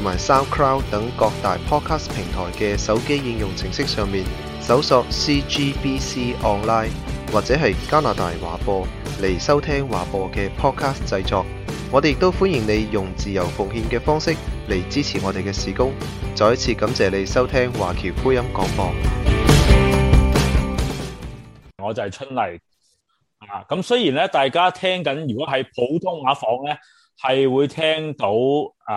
同埋 SoundCloud 等各大 Podcast 平台嘅手機應用程式上面，搜索 CGBC Online 或者係加拿大華播嚟收聽華播嘅 Podcast 製作。我哋亦都歡迎你用自由奉獻嘅方式嚟支持我哋嘅事工。再一次感謝你收聽華僑福音廣播。我就係春麗啊！咁雖然咧，大家聽緊如果係普通話房咧，係會聽到。啊！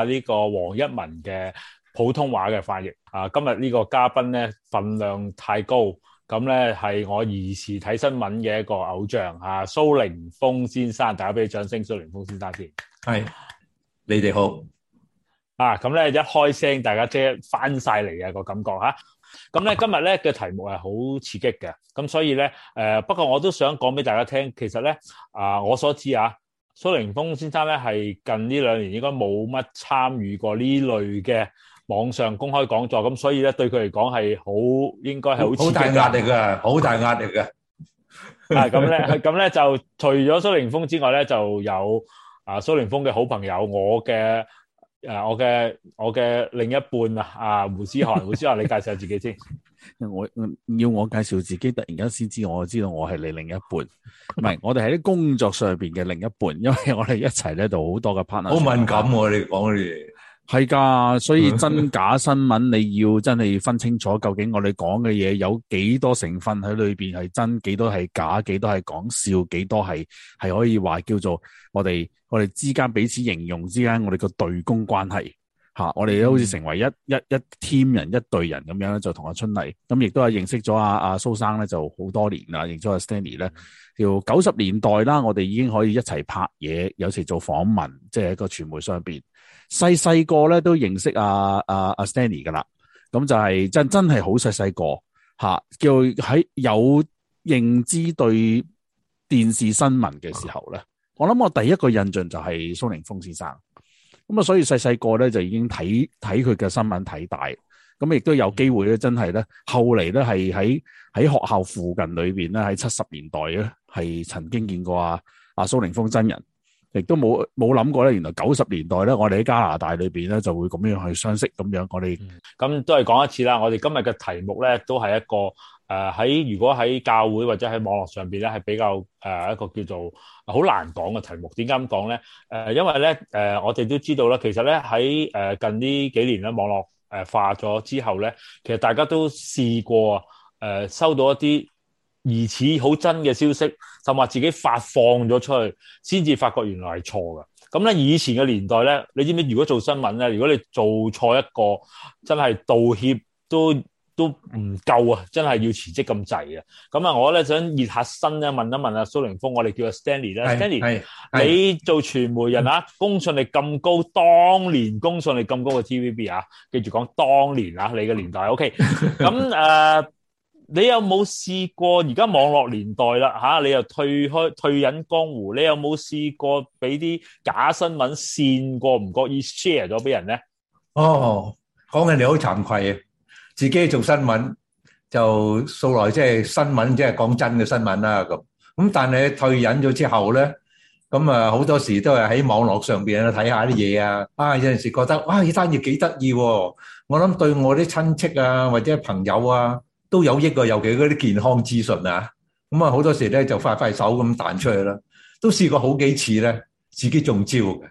啊呢、這個黃一文嘅普通話嘅翻譯啊，今日呢個嘉賓咧份量太高，咁咧係我兒時睇新聞嘅一個偶像啊，蘇凌峰先生，大家俾掌聲蘇凌峰先生先。係你哋好啊！咁咧一開聲，大家即係翻晒嚟嘅個感覺吓。咁、啊、咧今日咧嘅題目係好刺激嘅，咁所以咧誒、呃，不過我都想講俾大家聽，其實咧啊、呃，我所知啊。蘇凌峰先生咧係近呢兩年應該冇乜參與過呢類嘅網上公開講座，咁所以咧對佢嚟講係好應該係好大壓力嘅，好大壓力嘅。係咁咧，咁咧就除咗蘇凌峰之外咧，就有啊蘇凌峰嘅好朋友，我嘅誒、啊，我嘅我嘅另一半啊，啊胡思涵、胡思涵，你介紹下自己先。我要我介紹自己，突然間先知，我知道我係你另一半，唔係 我哋喺啲工作上邊嘅另一半，因為我哋一齊咧做好多嘅 partner、oh my 啊。好敏感，我你講嘢係噶，所以真假新聞你要真係分清楚，究竟我哋講嘅嘢有幾多成分喺裏邊係真，幾多係假，幾多係講笑，幾多係係可以話叫做我哋我哋之間彼此形容之間我哋個對公關係。吓！嗯、我哋都好似成為一一一 team 人，人一隊人咁樣咧，就同阿春麗咁，亦都係認識咗阿阿蘇生咧，就好多年啦，認識阿 Stanley 咧，由九十年代啦，我哋已經可以一齊拍嘢，有時做訪問，即係一個傳媒上邊，細細個咧都認識啊阿阿 Stanley 噶啦，咁就係真真係好細細個吓，叫喺有認知對電視新聞嘅時候咧，我諗我第一個印象就係蘇凌峰先生。咁啊，所以細細個咧就已經睇睇佢嘅新聞睇大，咁亦都有機會咧，真係咧後嚟，咧係喺喺學校附近裏邊咧，喺七十年代咧係曾經見過啊阿蘇凌峰真人，亦都冇冇諗過咧，原來九十年代咧，我哋喺加拿大裏邊咧就會咁樣去相識，咁樣我哋咁、嗯、都係講一次啦。我哋今日嘅題目咧都係一個。誒喺如果喺教會或者喺網絡上邊咧，係比較誒一個叫做好難講嘅題目。點解咁講咧？誒，因為咧誒，我哋都知道啦，其實咧喺誒近呢幾年咧，網絡誒化咗之後咧，其實大家都試過誒收到一啲疑似好真嘅消息，甚至自己發放咗出去，先至發覺原來係錯嘅。咁咧，以前嘅年代咧，你知唔知？如果做新聞咧，如果你做錯一個，真係道歉都～都唔夠啊！真係要辭職咁滯啊！咁啊，我咧想熱下身咧，問一問阿蘇凌峰，我哋叫阿 Stanley 啦是，Stanley，你做傳媒人啊，是公信力咁高，當年公信力咁高嘅 TVB 啊，記住講當年啊，你嘅年代 OK。咁誒、呃，你有冇試過而家網絡年代啦吓、啊？你又退開退隱江湖，你有冇試過俾啲假新聞線過唔覺意 share 咗俾人咧？哦，講起你好慚愧啊！自己做新聞就素來，即係新聞，即係講真嘅新聞啦。咁咁，但係退隱咗之後咧，咁啊好多時都係喺網絡上邊啊睇下啲嘢啊。啊有陣時覺得，哇，呢單嘢幾得意喎！我諗對我啲親戚啊或者朋友啊都有益啊，尤其嗰啲健康資訊啊。咁啊好多時咧就快快手咁彈出去啦。都試過好幾次咧，自己中招嘅。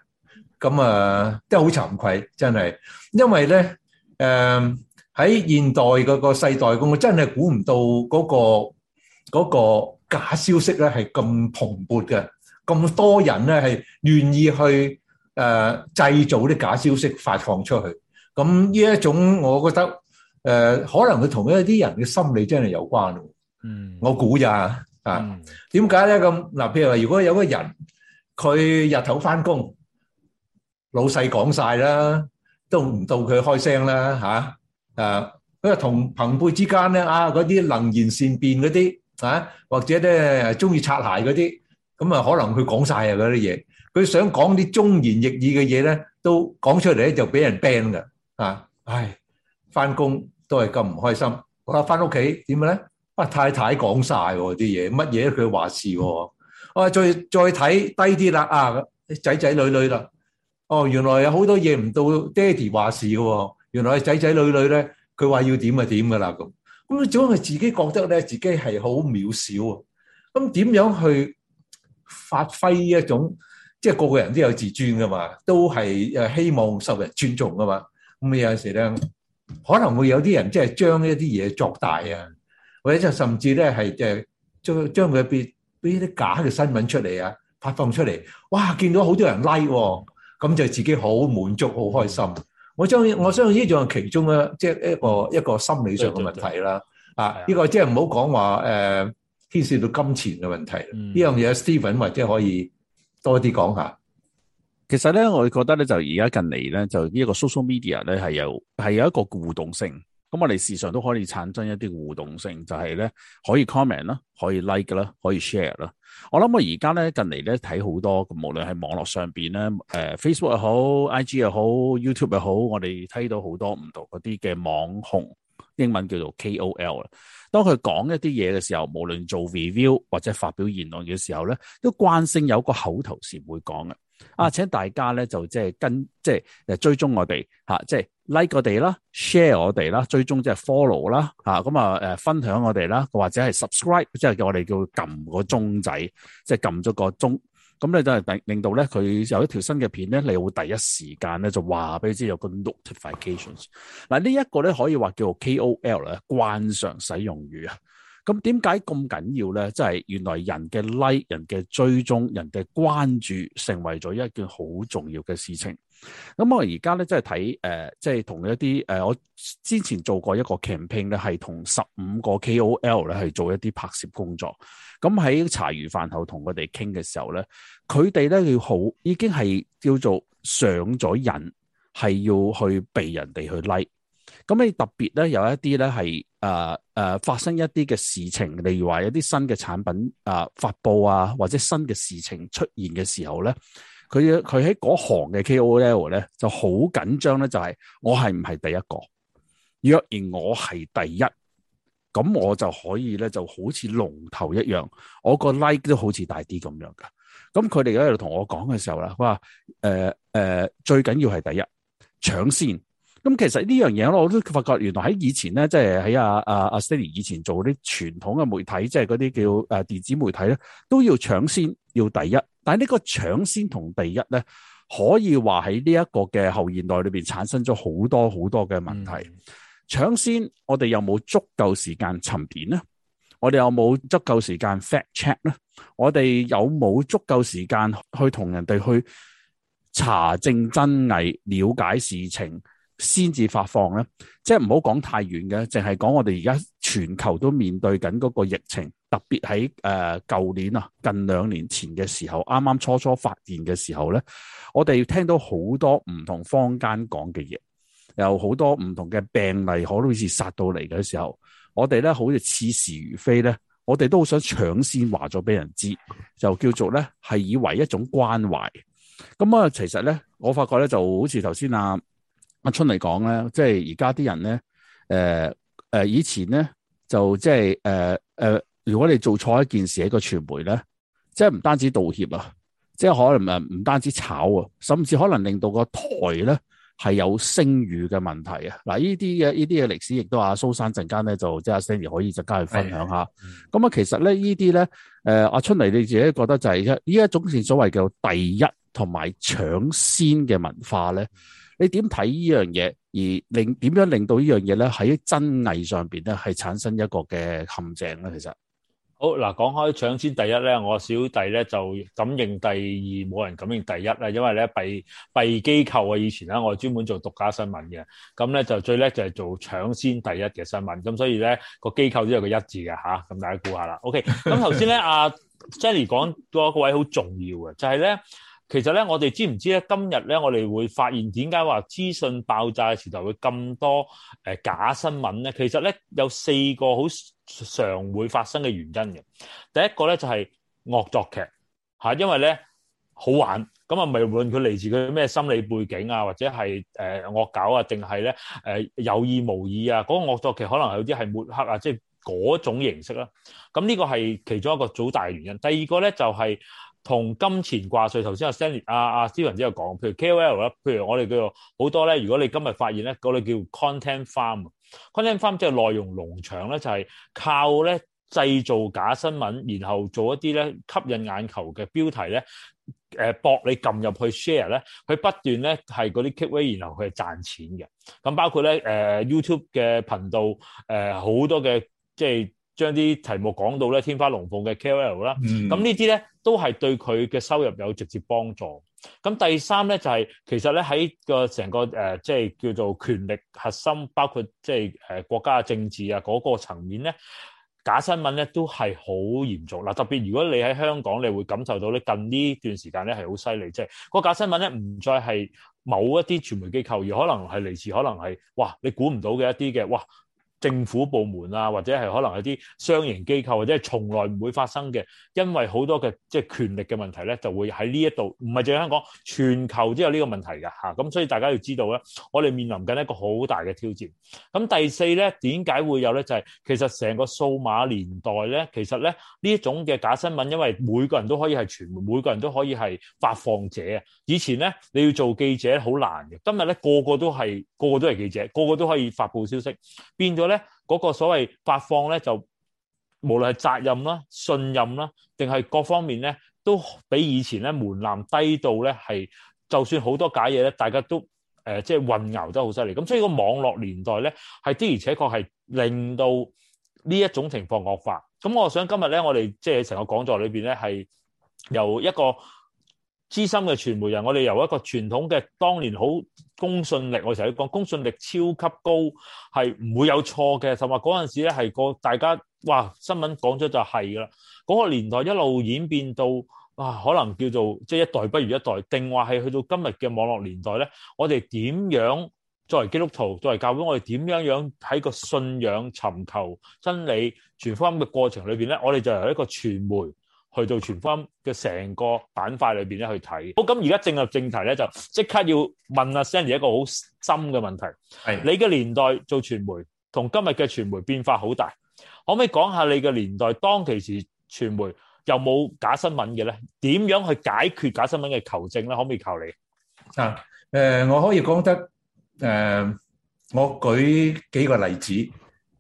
咁啊都好慚愧，真係，因為咧誒。喺現代嗰個世代，我真係估唔到嗰個嗰個假消息咧係咁蓬勃嘅，咁多人咧係願意去誒製造啲假消息發放出去。咁呢一種，我覺得誒，可能佢同一啲人嘅心理真係有關咯。嗯，我估咋啊，點解咧咁？嗱，譬如話如果有個人，佢日頭翻工，老細講晒啦，都唔到佢開聲啦吓。誒，因為同朋輩之間咧，啊，嗰啲能言善辯嗰啲啊，或者咧中意擦鞋嗰啲，咁啊，可能佢講晒啊嗰啲嘢，佢想講啲忠言逆耳嘅嘢咧，都講出嚟咧就俾人 ban 嘅，啊，唉，翻工都係咁唔開心，我翻屋企點咧，哇太太講晒啲嘢，乜嘢佢話事，我再再睇低啲啦，啊，仔仔、啊啊、女女啦，哦、啊，原來有好多嘢唔到爹哋話事嘅。原來仔仔女女咧，佢話要點就點噶啦，咁咁總係自己覺得咧，自己係好渺小啊。咁點樣去發揮一種，即係個個人都有自尊噶嘛，都係誒希望受人尊重噶嘛。咁有陣時咧，可能會有啲人即係將一啲嘢作大啊，或者就甚至咧係誒將將佢變俾啲假嘅新聞出嚟啊，發放出嚟，哇！見到好多人 like，咁就自己好滿足，好開心。我相信我相信呢種係其中咧，即係一個一個心理上嘅問題啦。對對對啊，呢的個即係唔好講話誒，牽涉到金錢嘅問題。呢樣嘢 Steven 或者可以多啲講一下。其實咧，我哋覺得咧，就而家近嚟咧，就呢一個 social media 咧係有係有一個互動性。咁我哋時常都可以產生一啲互動性，就係咧可以 comment 啦，可以 like 啦，可以、like，以 share 啦。我諗我而家咧近嚟咧睇好多，無論喺網絡上邊咧，誒、呃、Facebook 又好，IG 又好，YouTube 又好，我哋睇到好多唔同嗰啲嘅網紅，英文叫做 KOL 啊。當佢講一啲嘢嘅時候，無論做 review 或者發表言論嘅時候咧，都慣性有個口頭禪會講嘅。啊，請大家咧就即係跟即係、就是、追蹤我哋吓，即、啊、係。就是 like 我哋啦，share 我哋啦，追蹤即係 follow 啦，吓，咁啊，誒，分享我哋啦，或者係 subscribe，即係我哋叫撳個鐘仔，即係撳咗個鐘，咁你就係令令到咧佢有一條新嘅片咧，你會第一時間咧就話俾你知有個 notifications。嗱，呢一個咧可以話叫做 KOL 咧慣常使用語啊。咁點解咁緊要咧？即係原來人嘅 like 人、人嘅追蹤、人嘅關注成為咗一件好重要嘅事情。咁我而家咧，即係睇，誒、呃，即係同一啲，誒、呃，我之前做過一個 campaign 咧，係同十五個 KOL 咧，係做一啲拍攝工作。咁喺茶餘飯後同佢哋傾嘅時候咧，佢哋咧要好，已經係叫做上咗癮，係要去被人哋去 like。咁你特別咧，有一啲咧係，誒，誒、呃呃，發生一啲嘅事情，例如話一啲新嘅產品啊、呃、發佈啊，或者新嘅事情出現嘅時候咧。佢佢喺嗰行嘅 KOL 咧就好緊張咧，就係我係唔係第一個？若然我係第一，咁我就可以咧就好似龍頭一樣，我個 like 都好似大啲咁樣㗎。咁佢哋喺度同我講嘅時候啦，佢話：呃呃，最緊要係第一，搶先。咁其實呢樣嘢咧，我都發覺原來喺以前咧，即係喺阿阿阿 Steady 以前做啲傳統嘅媒體，即係嗰啲叫誒電子媒體咧，都要搶先要第一。但係呢個搶先同第一咧，可以話喺呢一個嘅後現代裏邊產生咗好多好多嘅問題。嗯，搶先，我哋有冇足夠時間沉澱呢？我哋有冇足夠時間 fact check 呢？我哋有冇足夠時間去同人哋去查證真偽、了解事情？先至發放咧，即係唔好講太遠嘅，淨係講我哋而家全球都面對緊嗰個疫情，特別喺誒舊年啊，近兩年前嘅時候，啱啱初初發現嘅時候咧，我哋聽到好多唔同坊間講嘅嘢，有好多唔同嘅病例，可類似殺到嚟嘅時候，我哋咧好似似是如非咧，我哋都好想搶先話咗俾人知，就叫做咧係以為一種關懷。咁啊，其實咧我發覺咧就好似頭先啊。阿、啊、春嚟講咧，即係而家啲人咧，誒、呃、誒、呃，以前咧就即係誒誒，如果你做錯一件事喺個傳媒咧，即係唔單止道歉啊，即係可能誒唔單止炒啊，甚至可能令到個台咧係有聲譽嘅問題啊。嗱，呢啲嘅呢啲嘅歷史，亦都阿蘇生陣間咧就即係阿 Sammy 可以陣間去分享下。咁啊的，其實咧呢啲咧，誒，阿春嚟你自己覺得就係一呢一種係所謂叫第一同埋搶先嘅文化咧。你點睇呢樣嘢，而令點樣令到呢樣嘢咧喺真偽上邊咧係產生一個嘅陷阱咧？其實好嗱，講開搶先第一咧，我小弟咧就敢認第二，冇人敢認第一啦，因為咧敝、敝機構啊，以前啦，我專門做獨家新聞嘅，咁咧就最叻就係做搶先第一嘅新聞，咁所以咧個機構都有一個一致嘅吓，咁大家估下啦。OK，咁頭先咧阿 Jenny 講嗰個位好重要嘅，就係咧。其實咧，我哋知唔知咧？今日咧，我哋會發現點解話資訊爆炸嘅時代會咁多誒假新聞咧？其實咧，有四個好常會發生嘅原因嘅。第一個咧就係惡作劇嚇，因為咧好玩，咁啊咪無論佢嚟自佢咩心理背景啊，或者係誒惡搞啊，定係咧誒有意無意啊？嗰個惡作劇可能有啲係抹黑啊，即係嗰種形式啦。咁呢個係其中一個組大原因。第二個咧就係。同金錢掛帥，頭先阿 Sandy 阿阿思文都有講，譬如 KOL 啦，譬如我哋叫做好多咧。如果你今日發現咧，嗰類叫 content farm，content farm 即係內容農場咧，就係、是、靠咧製造假新聞，然後做一啲咧吸引眼球嘅標題咧，誒、呃、博你撳入去 share 咧，佢不斷咧係嗰啲 keyword 然後佢係賺錢嘅。咁包括咧誒、呃、YouTube 嘅頻道誒好、呃、多嘅即係。將啲題目講到咧天花龍鳳嘅 KOL 啦，咁呢啲咧都係對佢嘅收入有直接幫助。咁第三咧就係、是、其實咧喺個成個誒即係叫做權力核心，包括即係誒國家的政治啊嗰、那個層面咧，假新聞咧都係好嚴重嗱。特別如果你喺香港，你會感受到咧近呢段時間咧係好犀利，即係、就是、個假新聞咧唔再係某一啲傳媒機構，而可能係嚟自可能係哇你估唔到嘅一啲嘅哇。嘩政府部門啊，或者係可能有啲商營機構或者係從來唔會發生嘅，因為好多嘅即係權力嘅問題咧，就會喺呢一度，唔係淨香港，全球都有呢個問題嘅吓，咁、啊、所以大家要知道咧，我哋面臨緊一個好大嘅挑戰，咁第四咧，點解會有咧？就係、是、其實成個數碼年代咧，其實咧呢一種嘅假新聞，因為每個人都可以係傳媒，每個人都可以係發放者啊。以前咧你要做記者好難嘅，今日咧個個都係個個都係記者，個個都可以發布消息，變咗咧。嗰個所謂發放咧，就無論係責任啦、信任啦，定係各方面咧，都比以前咧門檻低到咧，係就算好多假嘢咧，大家都誒即係混淆得好犀利。咁所以個網絡年代咧，係的而且確係令到呢一種情況惡化。咁我想今日咧，我哋即係成個講座裏邊咧，係由一個。資深嘅傳媒人，我哋由一個傳統嘅當年好公信力，我成日都講公信力超級高，係唔會有錯嘅。同埋嗰陣時咧，係個大家哇，新聞講咗就係噶啦。嗰個年代一路演變到啊，可能叫做即係一代不如一代，定話係去到今日嘅網絡年代咧，我哋點樣作為基督徒、作為教會，我哋點樣樣喺個信仰尋求真理全方位嘅過程裏邊咧，我哋就由一個傳媒。去到全方嘅成個板塊裏邊咧去睇。好，咁而家正入正題咧，就即刻要問阿、啊、Sandy 一個好深嘅問題。係的你嘅年代做傳媒，同今日嘅傳媒變化好大。可唔可以講下你嘅年代當其時傳媒有冇假新聞嘅咧？點樣去解決假新聞嘅求證咧？可唔可以求你？啊，誒、呃，我可以講得誒、呃，我舉幾個例子。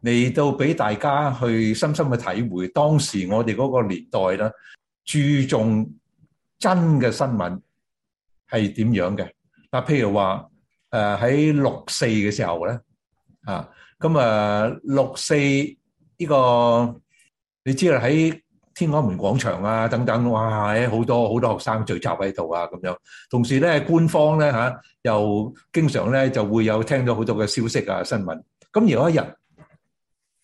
嚟到俾大家去深深嘅體會，當時我哋嗰個年代咧，注重真嘅新聞係點樣嘅？嗱，譬如話誒喺六四嘅時候咧，啊咁啊六四呢個你知啦，喺天安門廣場啊等等，哇，喺好多好多學生聚集喺度啊咁樣。同時咧，官方咧嚇又經常咧就會有聽到好多嘅消息啊新聞。咁有一日。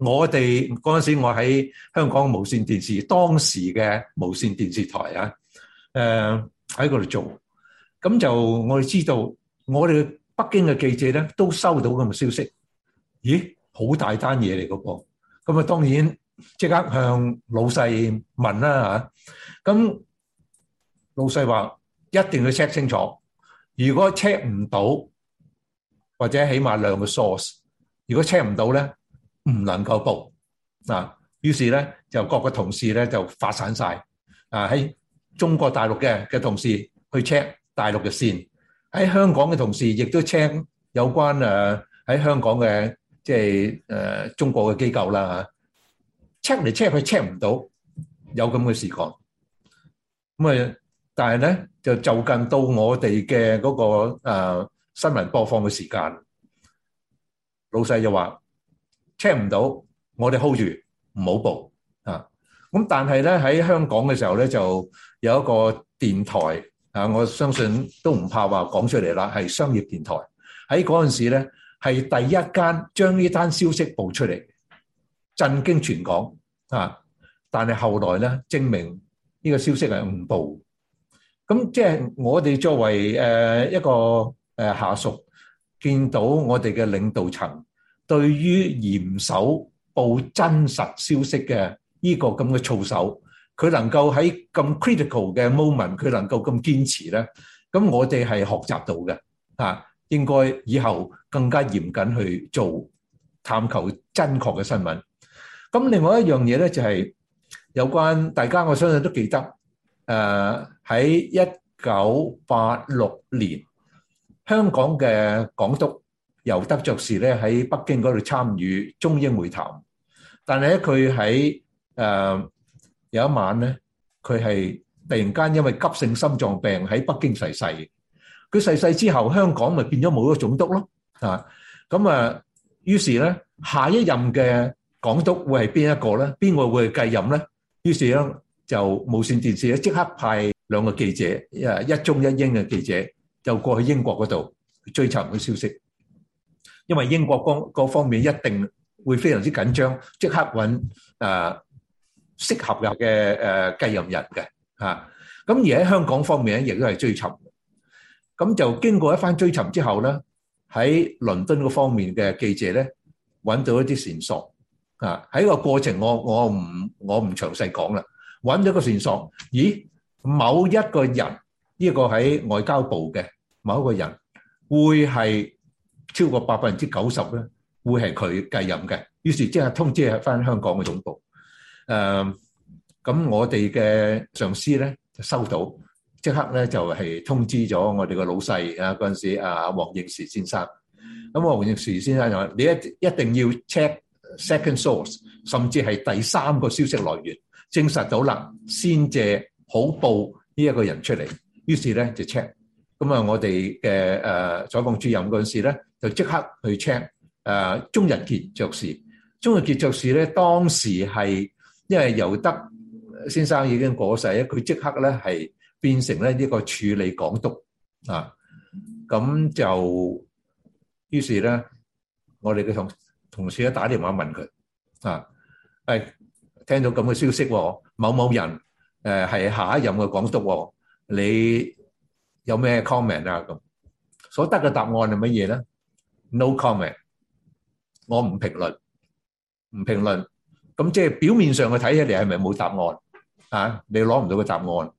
我哋嗰陣時，我喺香港無線電視當時嘅無線電視台啊，誒喺嗰度做，咁就我哋知道，我哋北京嘅記者咧都收到咁嘅消息，咦，好大單嘢嚟嗰個，咁啊當然即刻向老細問啦嚇，咁老細話一定要 check 清楚，如果 check 唔到或者起碼兩個 source，如果 check 唔到咧。唔能夠報啊！於是咧就各個同事咧就發散晒啊！喺中國大陸嘅嘅同事去 check 大陸嘅線，喺香港嘅同事亦都 check 有關誒喺香港嘅即係誒中國嘅機構啦。check 嚟 check 去 check 唔到，有咁嘅事講咁啊！但係咧就就近到我哋嘅嗰個誒新聞播放嘅時間，老細就話。聽唔到，我哋 hold 住，唔好報啊！咁但係咧喺香港嘅時候咧，就有一個電台啊，我相信都唔怕話講出嚟啦，係商業電台喺嗰陣時咧，係第一間將呢單消息報出嚟，震驚全港啊！但係後來咧，證明呢個消息係誤報。咁即係我哋作為誒一個誒下屬，見到我哋嘅領導層。對於嚴守報真實消息嘅呢個咁嘅操守，佢能夠喺咁 critical 嘅 moment，佢能夠咁堅持咧，咁我哋係學習到嘅嚇，應該以後更加嚴謹去做探求真確嘅新聞。咁另外一樣嘢咧，就係有關大家，我相信都記得誒喺一九八六年香港嘅港督。尤德爵士咧，喺北京嗰度參與中英會談。但係咧，佢喺誒有一晚咧，佢係突然間因為急性心臟病喺北京逝世。佢逝世之後，香港咪變咗冇咗總督咯？啊，咁啊，於是咧，下一任嘅港督會係邊一個咧？邊個會繼任咧？於是咧，就無線電視咧即刻派兩個記者，一中一英嘅記者，就過去英國嗰度追尋佢消息。因為英國方各方面一定會非常之緊張，即刻揾啊適合嘅嘅誒繼任人嘅吓。咁而喺香港方面咧，亦都係追尋。咁就經過一番追尋之後咧，喺倫敦嗰方面嘅記者咧揾到一啲線索啊。喺個過程，我我唔我唔詳細講啦。揾咗個線索，咦？某一個人呢個喺外交部嘅某一個人，會係超過百分之九十咧，會係佢繼任嘅。於是即刻通知翻香港嘅總部。誒，咁我哋嘅上司咧就收到，即刻咧就係通知咗我哋個老細啊嗰陣時，阿黃應士先生。咁黃應士先生就話：你一一定要 check second source，甚至係第三個消息來源，證實到啦先借好報呢一個人出嚟。於是咧就 check。咁啊，我哋嘅誒採訪主任嗰陣時咧。就即刻去 check，誒，鍾逸傑爵士，鍾逸傑爵士咧當時係因為尤德先生已經過世，佢即刻咧係變成咧呢個處理港督啊，咁就於是咧我哋嘅同同事咧打電話問佢啊，誒，聽到咁嘅消息喎，某某人誒，係下一任嘅港督喎，你有咩 comment 啊？咁所得嘅答案係乜嘢咧？No comment，我唔評論，唔評論。咁即係表面上嘅睇起嚟係咪冇答案啊？你攞唔到個答案。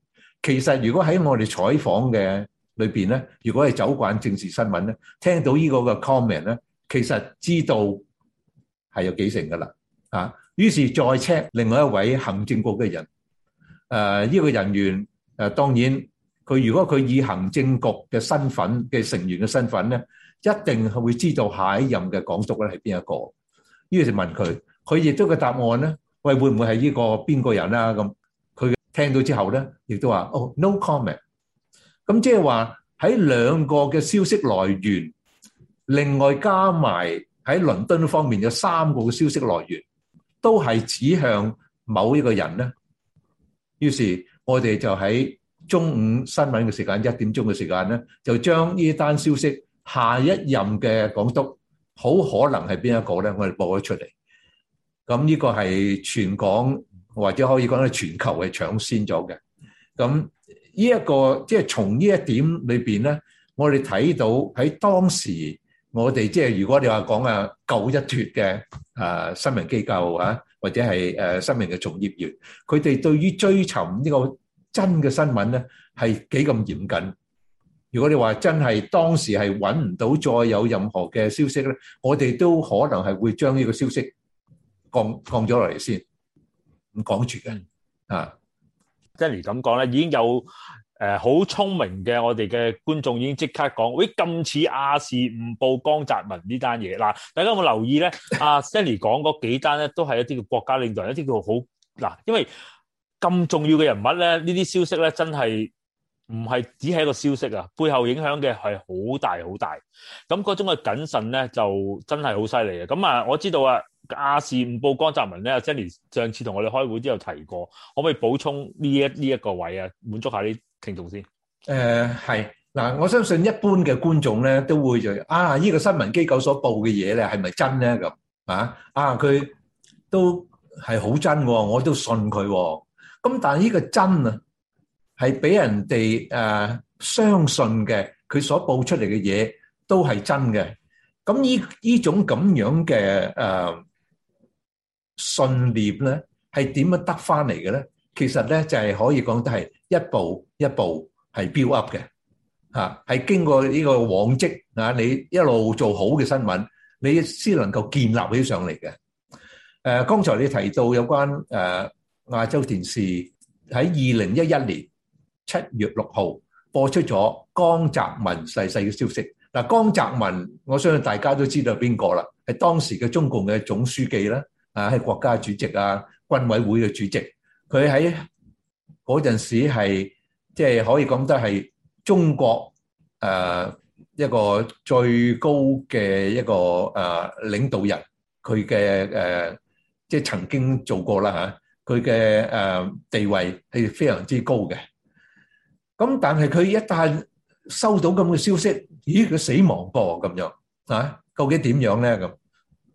其實如果喺我哋採訪嘅裏邊咧，如果係走慣政治新聞咧，聽到呢個嘅 comment 咧，其實知道係有幾成噶啦啊。於是再 check 另外一位行政局嘅人，誒、這、呢個人員誒，當然佢如果佢以行政局嘅身份嘅成員嘅身份咧。一定係會知道下一任嘅港督咧係邊一個？於是問佢，佢亦都嘅答案咧，喂，會唔會係呢個邊個人呀？咁佢聽到之後咧，亦都話：哦，no comment。咁即係話喺兩個嘅消息來源，另外加埋喺倫敦方面有三個嘅消息來源，都係指向某一個人咧。於是，我哋就喺中午新聞嘅時間一點鐘嘅時間咧，就將呢單消息。下一任嘅港督好可能係邊一個咧？我哋報咗出嚟，咁呢個係全港或者可以講係全球係搶先咗嘅。咁呢一個即係從呢一點裏邊咧，我哋睇到喺當時我哋即係如果你話講啊舊一脫嘅啊新聞機構啊或者係誒新聞嘅從業員，佢哋對於追求呢個真嘅新聞咧係幾咁嚴謹。如果你話真係當時係揾唔到再有任何嘅消息咧，我哋都可能係會將呢個消息降降咗落嚟先。咁講住啊 Stanley 咁講咧，已經有誒好、呃、聰明嘅我哋嘅觀眾已經即刻講，喂，咁似亞視誤報江澤民呢單嘢。嗱，大家有冇留意咧？阿 Stanley 講嗰幾單咧，都係一啲叫國家領導人，一啲叫好嗱，因為咁重要嘅人物咧，呢啲消息咧，真係～唔係只係一個消息啊，背後影響嘅係好大好大。咁嗰種嘅謹慎咧，就真係好犀利嘅。咁啊，我知道啊，亞視唔報光江澤民咧、啊，阿 Jenny 上次同我哋開會之後提過，可唔可以補充呢一呢一個位啊，滿足下啲聽眾先？誒係嗱，我相信一般嘅觀眾咧都會就啊，呢、呢個新聞機構所報嘅嘢咧係咪真咧咁啊？啊，佢都係好真嘅，我都信佢、哦。咁但係呢個真啊？係畀人哋誒相信嘅，佢所報出嚟嘅嘢都係真嘅。咁呢呢種咁樣嘅誒信念咧，係點樣得返嚟嘅咧？其實咧就係可以講得係一步一步係 build up 嘅，嚇係經過呢個往績啊，你一路做好嘅新聞，你先能夠建立起上嚟嘅。誒，剛才你提到有關誒亞洲電視喺二零一一年，七月六號播出咗江澤民逝世嘅消息。嗱，江澤民我相信大家都知道邊個啦，係當時嘅中共嘅總書記啦，啊，係國家主席啊，軍委會嘅主席。佢喺嗰陣時係即係可以講得係中國誒一個最高嘅一個誒領導人。佢嘅誒即係曾經做過啦嚇，佢嘅誒地位係非常之高嘅。咁但係佢一旦收到咁嘅消息，咦？佢死亡噃咁樣啊？究竟點樣咧？咁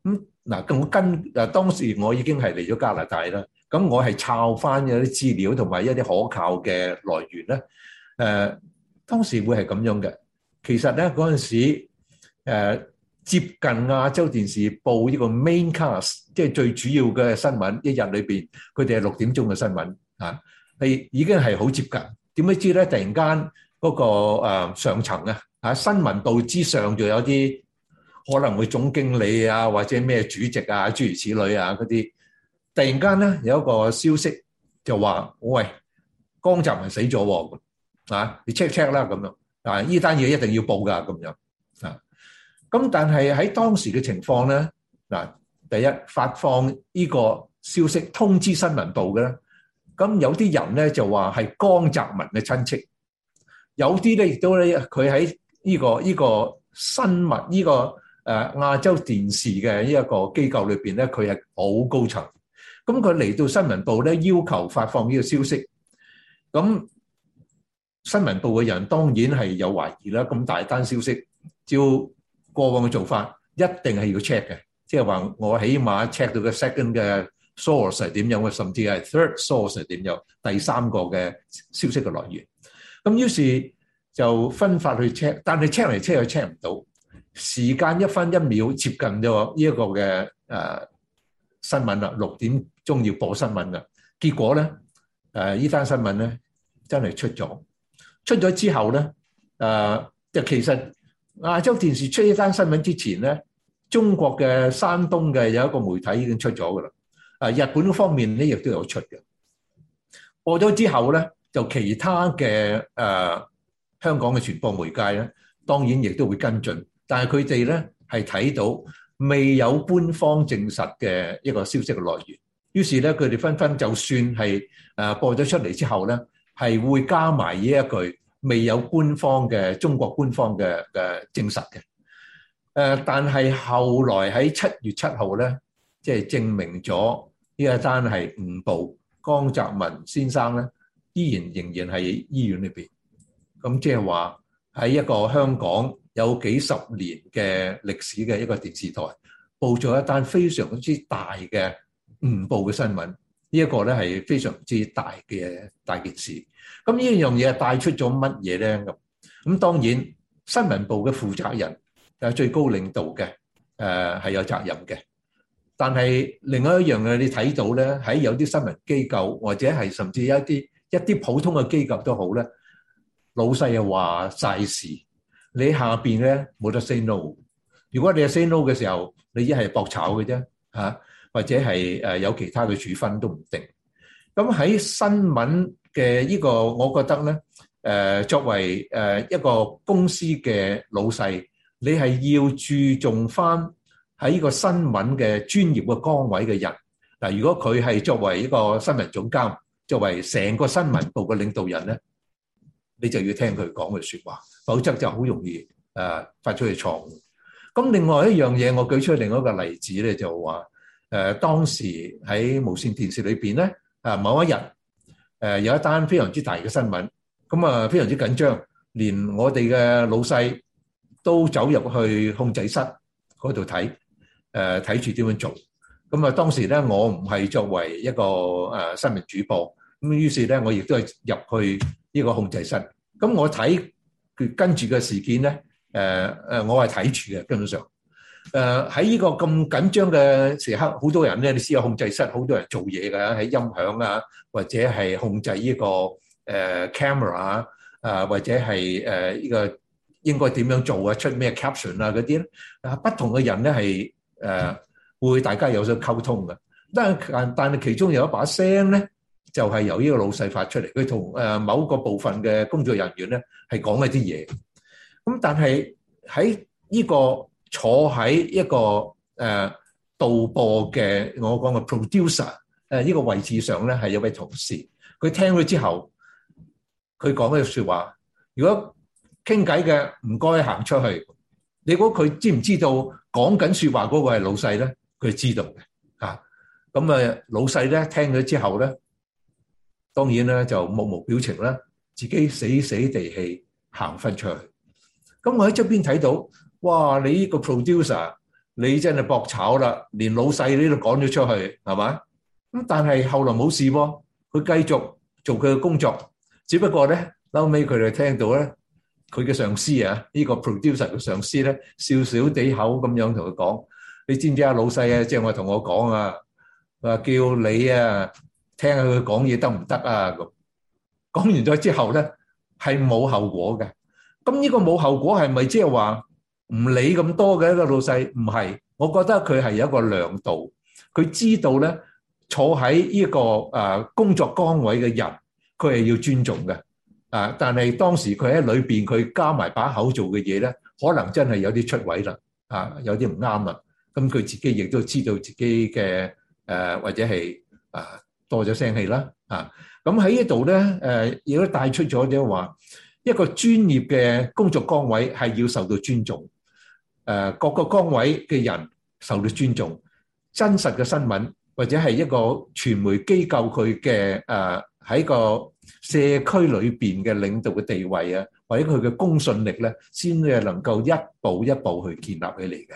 咁嗱，我、啊、跟啊，當時我已經係嚟咗加拿大啦。咁我係抄翻有啲資料同埋一啲可靠嘅來源咧。誒、啊，當時會係咁樣嘅。其實咧嗰陣時、啊、接近亞洲電視報呢個 main cast，即係最主要嘅新聞。一日裏邊佢哋係六點鐘嘅新聞啊，係已經係好接近。點解知咧？突然間嗰個上層啊，嚇新聞部之上就有啲可能會總經理啊，或者咩主席啊，諸如此類啊嗰啲。突然間咧有一個消息就話：喂，江澤民死咗喎！啊，你 check check 啦咁樣。嗱，呢單嘢一定要報㗎咁樣啊。咁但係喺當時嘅情況咧，嗱，第一發放呢個消息通知新聞部嘅咧。咁有啲人咧就話係江澤民嘅親戚，有啲咧亦都咧佢喺呢個呢個新聞呢個誒亞洲電視嘅呢一個機構裏面咧，佢係好高層。咁佢嚟到新聞部咧，要求發放呢個消息。咁新聞部嘅人當然係有懷疑啦。咁大單消息，照過往嘅做法，一定係要 check 嘅，即係話我起碼 check 到個 second 嘅。source 係點樣？我甚至係 third source 係點樣？第三個嘅消息嘅來源，咁於是就分發去 check，但係 check 嚟 check 去 check 唔到。時間一分一秒接近咗呢一個嘅誒新聞啦，六點鐘要播新聞啦。結果咧，誒呢單新聞咧真係出咗。出咗之後咧，誒就其實亞洲電視出呢單新聞之前咧，中國嘅山東嘅有一個媒體已經出咗㗎啦。啊！日本方面咧，亦都有出嘅。播咗之後咧，就其他嘅誒香港嘅傳播媒介咧，當然亦都會跟進。但係佢哋咧係睇到未有官方證實嘅一個消息嘅來源，於是咧佢哋紛紛就算係誒播咗出嚟之後咧，係會加埋呢一句未有官方嘅中國官方嘅嘅證實嘅。誒，但係後來喺七月七號咧。即係證明咗呢一單係誤報，江澤民先生咧依然仍然喺醫院裏邊。咁即係話喺一個香港有幾十年嘅歷史嘅一個電視台報咗一單非常之大嘅誤報嘅新聞，呢一個咧係非常之大嘅大件事。咁呢樣嘢帶出咗乜嘢咧？咁咁當然新聞部嘅負責人就係最高領導嘅誒係有責任嘅。但係另外一樣嘢，你睇到咧，喺有啲新聞機構或者係甚至一啲一啲普通嘅機構都好咧，老細又話晒事，你喺下邊咧冇得 say no。如果你係 say no 嘅時候，你一係搏炒嘅啫嚇，或者係誒有其他嘅處分都唔定。咁喺新聞嘅呢個，我覺得咧誒作為誒一個公司嘅老細，你係要注重返。喺呢個新聞嘅專業嘅崗位嘅人，嗱，如果佢係作為一個新聞總監，作為成個新聞部嘅領導人咧，你就要聽佢講嘅說話，否則就好容易誒發出去錯誤。咁另外一樣嘢，我舉出另外一個例子咧，就話誒當時喺無綫電視裏邊咧，啊某一日誒有一單非常之大嘅新聞，咁啊非常之緊張，連我哋嘅老細都走入去控制室嗰度睇。誒睇住點樣做，咁啊當時咧我唔係作為一個誒新聞主播，咁於是咧我亦都係入去呢個控制室。咁我睇跟住嘅事件咧，誒誒我係睇住嘅根本上。誒喺呢個咁緊張嘅時刻，好多人咧，你知啊控制室好多人做嘢㗎，喺音響啊，或者係控制呢個誒 camera 啊，或者係誒呢個應該點樣做啊，出咩 caption 啊嗰啲咧，啊不同嘅人咧係。誒，會大家有所溝通嘅，但係，但係其中有一把聲咧，就係由呢個老細發出嚟，佢同誒某個部分嘅工作人員咧係講一啲嘢。咁但係喺呢個坐喺一個誒導播嘅，我講嘅 producer 誒呢個位置上咧係有位同事，佢聽咗之後，佢講一句說話，如果傾偈嘅唔該行出去。你估佢知唔知道講緊説話嗰個係老細咧？佢知道嘅嚇，咁啊老細咧聽咗之後咧，當然咧就目無表情啦，自己死死地氣行翻出去。咁我喺側邊睇到，哇！你呢個 producer，你真係搏炒啦，連老細你都趕咗出去，係嘛？咁但係後來冇事噃，佢繼續做佢嘅工作，只不過咧後尾佢哋聽到咧。佢嘅上司啊，呢個 producer 嘅上司咧，笑笑地口咁樣同佢講，你知唔知啊老細啊，即係我同我講啊，啊叫你啊，聽下佢講嘢得唔得啊？咁講完咗之後咧，係冇後果嘅。咁呢個冇後果係咪即係話唔理咁多嘅一個老細？唔係，我覺得佢係有一個良導。佢知道咧，坐喺呢一個誒工作崗位嘅人，佢係要尊重嘅。啊！但係當時佢喺裏邊，佢加埋把口做嘅嘢咧，可能真係有啲出位啦，啊，有啲唔啱啦。咁佢自己亦都知道自己嘅誒，或者係啊多咗聲氣啦，啊！咁喺呢度咧，誒，亦都帶出咗即係話，一個專業嘅工作崗位係要受到尊重。誒，各個崗位嘅人受到尊重，真實嘅新聞或者係一個傳媒機構佢嘅誒喺個。社區裏邊嘅領導嘅地位啊，或者佢嘅公信力咧，先至係能夠一步一步去建立起嚟嘅。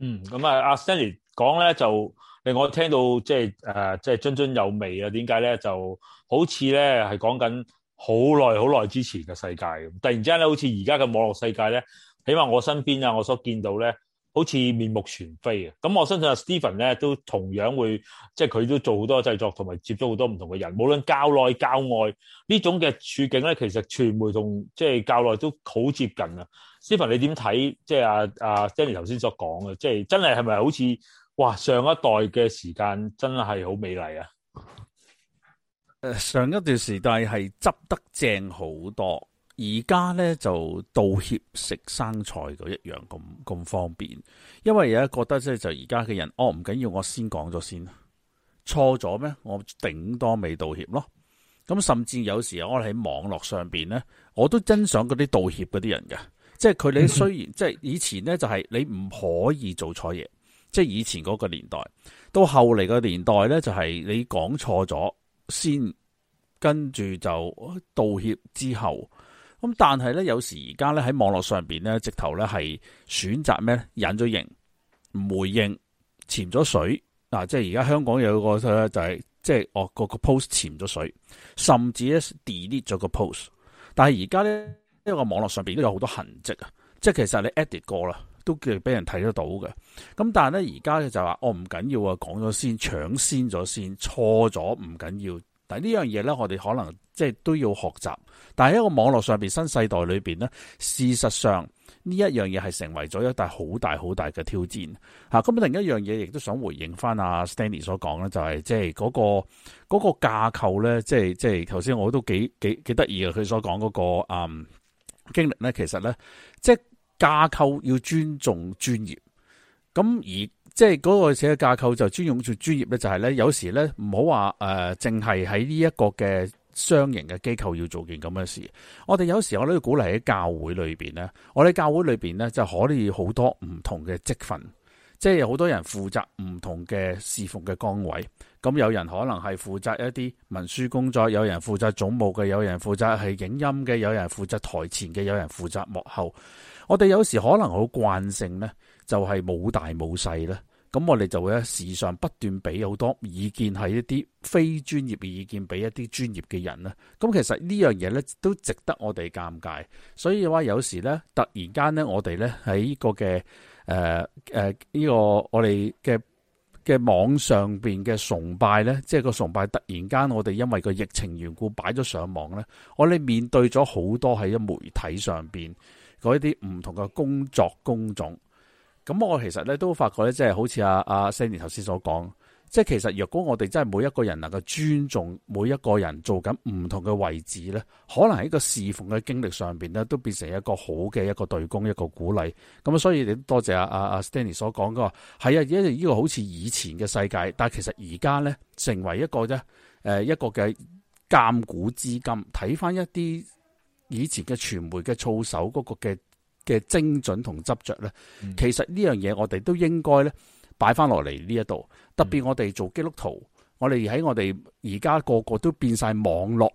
嗯，嗯，咁啊，阿 Stanley 講咧就令我聽到即係誒即係津津有味啊。點解咧？就好似咧係講緊好耐好耐之前嘅世界咁，突然之間咧，好似而家嘅網絡世界咧，起碼我身邊啊，我所見到咧。好似面目全非啊！咁我相信 Steven 咧都同樣會，即係佢都做好多製作，同埋接觸好多唔同嘅人，無論教內教外呢種嘅處境咧，其實傳媒同即係教內都好接近 Stephen，啊。Steven，你點睇？即係阿阿 Jenny 頭先所講嘅，即係真係係咪好似哇？上一代嘅時間真係好美麗啊！誒，上一段時代係執得正好多。而家呢，就道歉食生菜嗰一樣咁咁方便，因為有啲覺得即係就而家嘅人哦，唔緊要，我先講咗先，錯咗咩？我頂多未道歉咯。咁甚至有時候我喺網絡上面呢，我都真想嗰啲道歉嗰啲人嘅，即係佢哋雖然 即係以前呢，就係你唔可以做錯嘢，即係以前嗰個年代到後嚟個年代呢，就係你講錯咗先，跟住就道歉之後。咁但係咧，有時而家咧喺網絡上邊咧，直頭咧係選擇咩咧？隱咗形，唔回應，潛咗水。嗱、啊，即係而家香港有個咧就係、是，即係我個個 post 潛咗水，甚至咧 delete 咗個 post。但係而家咧，呢、這個網絡上邊都有好多痕迹啊！即係其實你 edit 過啦，都叫俾人睇得到嘅。咁但係咧，而家咧就話我唔緊要啊，講、哦、咗先，搶先咗先，錯咗唔緊要。但呢樣嘢咧，我哋可能即係都要學習。但係喺一個網絡上面，新世代裏面咧，事實上呢一樣嘢係成為咗一大好大好大嘅挑戰。咁、啊、另一樣嘢，亦都想回應翻阿、啊、Stanley 所講咧，就係即係嗰個嗰、嗰個、架構咧，即係即係頭先我都幾幾幾得意嘅，佢所講嗰、個嗯經歷咧，其實咧即係架構要尊重專業。咁而即係嗰個社嘅架構就專用做專業咧，就係咧有時咧唔好話誒，淨係喺呢一個嘅商營嘅機構要做件咁嘅事。我哋有時我都要鼓勵喺教會裏邊咧，我哋教會裏邊咧就可以好多唔同嘅職份，即係好多人負責唔同嘅侍奉嘅崗位。咁有人可能係負責一啲文書工作，有人負責總務嘅，有人負責係影音嘅，有人負責台前嘅，有人負責幕後。我哋有時可能好慣性咧。就係冇大冇細啦，咁我哋就會喺時常不斷俾好多意見，係一啲非專業嘅意見，俾一啲專業嘅人咧。咁其實呢樣嘢咧都值得我哋尷尬。所以話有時咧，突然間咧，我哋咧喺呢一個嘅誒誒呢個我哋嘅嘅網上面嘅崇拜咧，即係個崇拜突然間，我哋因為個疫情緣故擺咗上網咧，我哋面對咗好多喺一媒體上面嗰一啲唔同嘅工作工種。咁我其實咧都發覺咧，即係好似阿阿 Stanley 頭先所講，即係其實若果我哋真係每一個人能夠尊重每一個人做緊唔同嘅位置咧，可能喺個侍奉嘅經歷上面咧，都變成一個好嘅一個對公一個鼓勵。咁所以你都多謝阿阿 Stanley 所講嘅話，係啊，而家呢個好似以前嘅世界，但其實而家咧成為一個啫、呃，一個嘅鑑古知今，睇返一啲以前嘅傳媒嘅操守嗰個嘅。嘅精準同執着咧，嗯、其實呢樣嘢我哋都應該咧擺翻落嚟呢一度，特別我哋做基督徒，我哋喺我哋而家個個都變晒網絡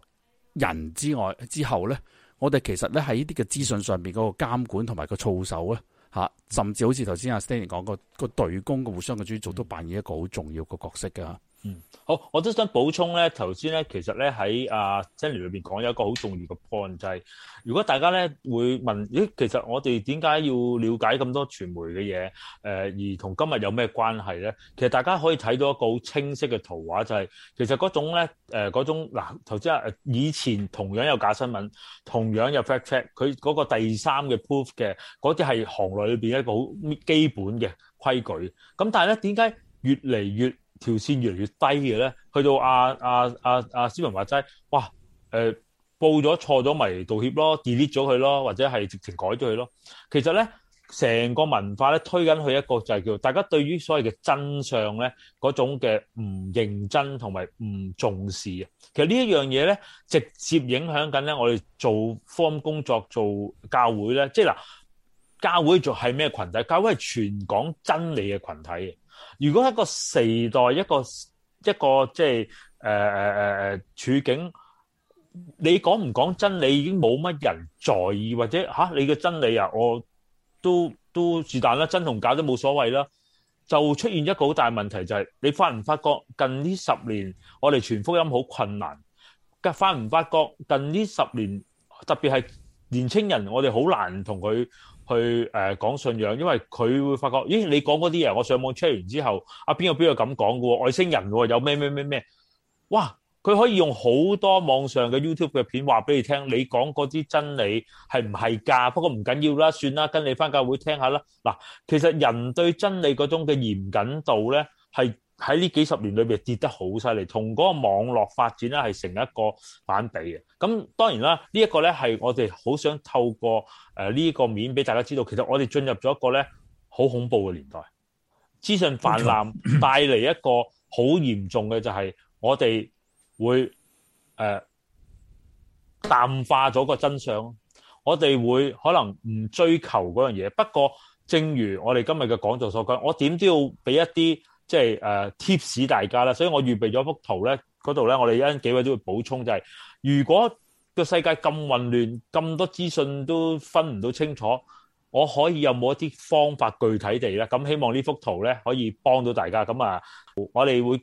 人之外之後咧，我哋其實咧喺呢啲嘅資訊上面，嗰個監管同埋個操守咧，嚇，甚至好似頭先阿 Stanley 講個個對公個互相嘅尊重都扮演一個好重要個角色嘅嗯，好，我都想補充咧，頭先咧，其實咧喺阿 Sandy 裏邊講有一個好重要嘅 point，就係、是、如果大家咧會問，咦，其實我哋點解要了解咁多傳媒嘅嘢？誒、呃，而同今日有咩關係咧？其實大家可以睇到一個好清晰嘅圖畫，就係、是、其實嗰種咧，誒、呃，嗰種嗱，頭先啊，以前同樣有假新聞，同樣有 fact check，佢嗰個第三嘅 proof 嘅，嗰啲係行內裏邊一個好基本嘅規矩。咁但係咧，點解越嚟越？條線越嚟越低嘅咧，去到阿阿阿阿斯文話齋，哇！誒、呃，報咗錯咗咪道歉咯，delete 咗佢咯，或者係直情改咗佢咯。其實咧，成個文化咧推緊去一個就係叫大家對於所謂嘅真相咧嗰種嘅唔認真同埋唔重視啊。其實這呢一樣嘢咧，直接影響緊咧我哋做福音工作、做教會咧，即係嗱，教會仲係咩群體？教會係全港真理嘅群體嘅。如果一個時代，一個一個即係誒誒誒處境，你講唔講真理已經冇乜人在意，或者吓、啊、你嘅真理啊，我都都是但啦，真同假都冇所謂啦，就出現一個好大問題就係、是，你發唔發覺近呢十年我哋傳福音好困難？嘅發唔發覺近呢十年，特別係年青人，我哋好難同佢去誒講信仰，因為佢會發覺，咦？你講嗰啲嘢，我上網 check 完之後，啊邊個邊個咁講㗎喎？外星人喎、哦？有咩咩咩咩？哇！佢可以用好多網上嘅 YouTube 嘅片話俾你聽，你講嗰啲真理係唔係㗎？不過唔緊要啦，算啦，跟你返教會聽下啦。嗱，其實人對真理嗰種嘅嚴謹度咧，係喺呢幾十年裏邊跌得好犀利，同嗰個網絡發展咧係成一個反比嘅。咁當然啦，這個、呢一個咧係我哋好想透過誒呢、呃這個面俾大家知道，其實我哋進入咗一個咧好恐怖嘅年代，資訊氾濫帶嚟,一個好嚴重嘅就係我哋會誒、呃、淡化咗個真相，我哋會可能唔追求嗰樣嘢。不過正如我哋今日嘅講座所講，我點都要俾一啲。即係誒貼士大家啦，所以我預備咗幅圖咧，嗰度咧，我哋一陣幾位都會補充，就係如果個世界咁混亂，咁多資訊都分唔到清楚，我可以有冇一啲方法具體地咧？咁希望呢幅圖咧可以幫到大家。咁啊，我哋會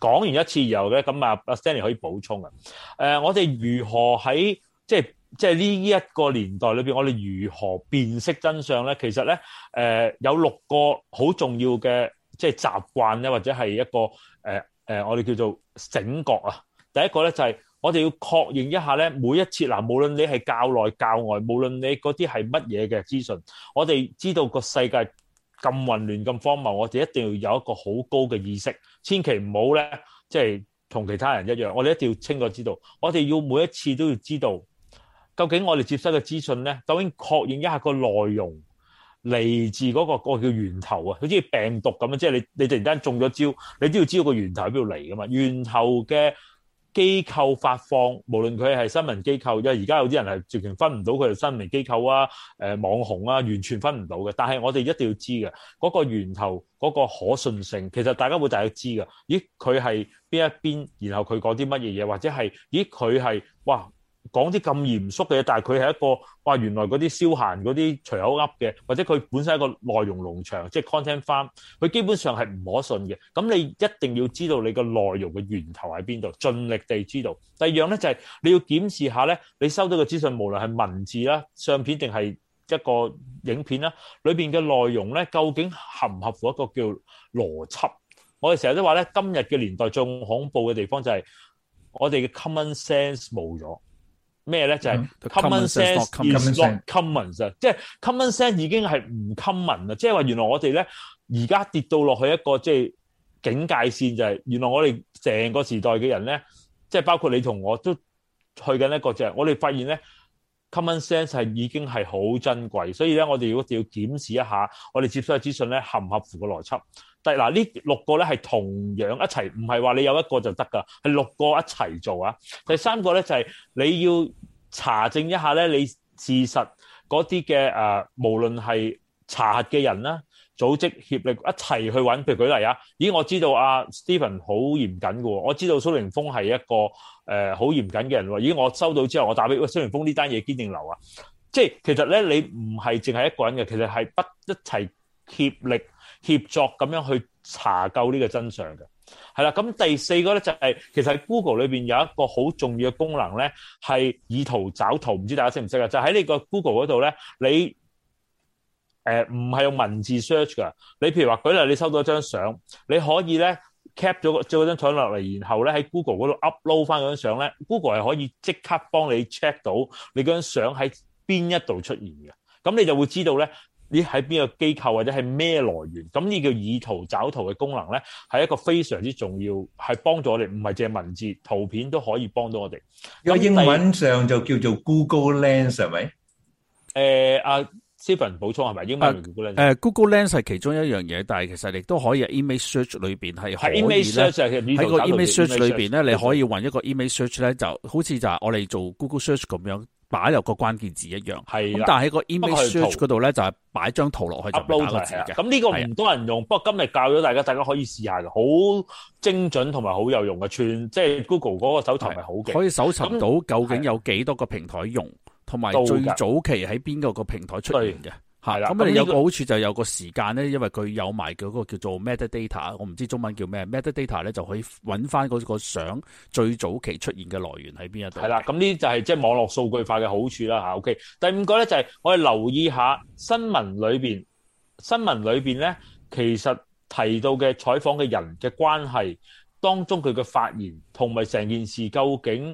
講完一次以後咧，咁啊，阿 Stanley 可以補充啊。誒，我哋如何喺即係即係呢一個年代裏邊，我哋如何辨識真相咧？其實咧，誒有六個好重要嘅。即係習慣咧，或者係一個誒誒，我哋叫做醒覺啊。第一個咧就係我哋要確認一下咧，每一次嗱，無論你係教內教外，無論你嗰啲係乜嘢嘅資訊，我哋知道個世界咁混亂、咁荒謬，我哋一定要有一個好高嘅意識，千祈唔好咧，即係同其他人一樣，我哋一定要清楚知道，我哋要每一次都要知道究竟我哋接收嘅資訊咧，究竟確認一下個內容。嚟自嗰個嗰個叫源頭啊，好似病毒咁啊，即係你你突然間中咗招，你都要知道個源頭喺邊度嚟噶嘛？源頭嘅機構發放，無論佢係新聞機構，因為而家有啲人係直情分唔到佢係新聞機構啊，誒網紅啊，完全分唔到嘅。但係我哋一定要知嘅嗰個源頭嗰個可信性，其實大家會大約知嘅，咦佢係邊一邊，然後佢講啲乜嘢嘢，或者係咦佢係哇。講啲咁嚴肅嘅嘢，但係佢係一個哇。原來嗰啲消閒嗰啲隨口噏嘅，或者佢本身係一個內容農場，即係 content farm。佢基本上係唔可信嘅。咁你一定要知道你個內容嘅源頭喺邊度，盡力地知道。第二樣咧就係、是、你要檢視下咧，你收到嘅資訊，無論係文字啦、相片定係一個影片啦，裏面嘅內容咧，究竟合唔合乎一個叫邏輯？我哋成日都話咧，今日嘅年代仲恐怖嘅地方就係、是、我哋嘅 common sense 冇咗。咩咧？就係、是、common sense is not common 啊、嗯！即係 common sense 已經係唔 common 啦。嗯、即係話原來我哋咧而家跌到落去一個即係警戒線，就係原來我哋成個時代嘅人咧，即係包括你同我都去緊一個就係，我哋發現咧 common sense 係已經係好珍貴，所以咧我哋如果要檢視一下，我哋接收嘅資訊咧合唔合乎個邏輯？第嗱呢六個咧係同樣一齊，唔係話你有一個就得噶，係六個一齊做啊！第三個咧就係你要查證一下咧，你事實嗰啲嘅誒，無論係查核嘅人啦，組織協力一齊去揾。譬如舉例啊，咦，我知道阿、啊、Stephen 好嚴謹嘅喎，我知道蘇凌峰係一個誒好嚴謹嘅人喎。咦，我收到之後，我打俾喂蘇凌峰，呢單嘢堅定留啊！即係其實咧，你唔係淨係一個人嘅，其實係不一齊協力。協作咁樣去查究呢個真相嘅，係啦。咁第四個咧就係、是、其實 Google 裏面有一個好重要嘅功能咧，係以圖找圖。唔知大家識唔識啊？就喺、是、你個 Google 嗰度咧，你誒唔係用文字 search 噶。你譬如話舉例，你收到一張相，你可以咧 cap 咗個嗰張相落嚟，然後咧喺 Go Google 嗰度 upload 翻嗰張相咧，Google 係可以即刻幫你 check 到你嗰張相喺邊一度出現嘅。咁你就會知道咧。你喺邊個機構或者係咩來源？咁呢叫以圖找圖嘅功能咧，係一個非常之重要，係幫助我哋，唔係淨係文字，圖片都可以幫到我哋。有英文上就叫做 Google Lens 係咪？誒、呃，阿、啊、Steven 補充係咪？是是啊、英文叫 Go Google Lens。誒，Google Lens 係其中一樣嘢，但係其實你都可以 image search 裏邊係。係 image search 其實以圖找圖。喺個 image search 裏邊咧，你可以搵一個 image search 咧，就好似就我哋做 Google search 咁樣擺入個關鍵字一樣，係咁的，但係喺個 image search 嗰度咧就係擺張圖落去，upload 咁呢個唔、啊、多人用，不過的今日教咗大家，大家可以試下嘅，好精準同埋好有用嘅串，即、就、係、是、Google 嗰個搜尋係好嘅，可以搜尋到究竟有幾多個平台用，同埋的最早期喺邊個個平台出現嘅。係啦，咁我哋有個好處就係有個時間咧，因為佢有埋嗰個叫做 metadata，我唔知中文叫咩，metadata 咧就可以揾翻嗰個相最早期出現嘅來源喺邊一度。係啦，咁呢啲就係即係網絡數據化嘅好處啦。吓，OK，第五個咧就係我哋留意下新聞裏邊，新聞裏邊咧其實提到嘅採訪嘅人嘅關係當中佢嘅發言同埋成件事究竟。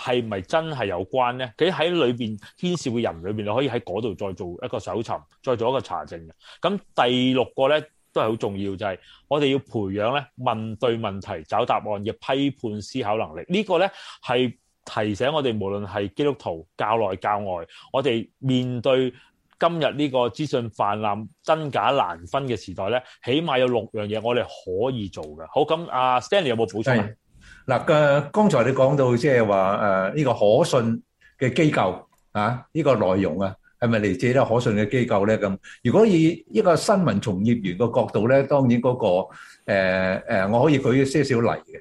係咪真係有關呢？佢喺裏面，牽涉嘅人裏面，你可以喺嗰度再做一個搜尋，再做一個查證嘅。咁第六個呢，都係好重要，就係、是、我哋要培養咧問對問題、找答案嘅批判思考能力。呢、呢個呢，係提醒我哋，無論係基督徒教內教外，我哋面對今日呢個資訊氾濫、真假難分嘅時代呢，起碼有六樣嘢我哋可以做嘅。好，咁阿 Stanley 有冇補充呢？嗱誒，剛才你講到即係話誒，呢個可信嘅機構啊，呢個內容啊，係咪嚟自咧可信嘅機構咧？咁如果以一個新聞從業員嘅角度咧，當然嗰個誒誒，我可以舉一些少例嘅。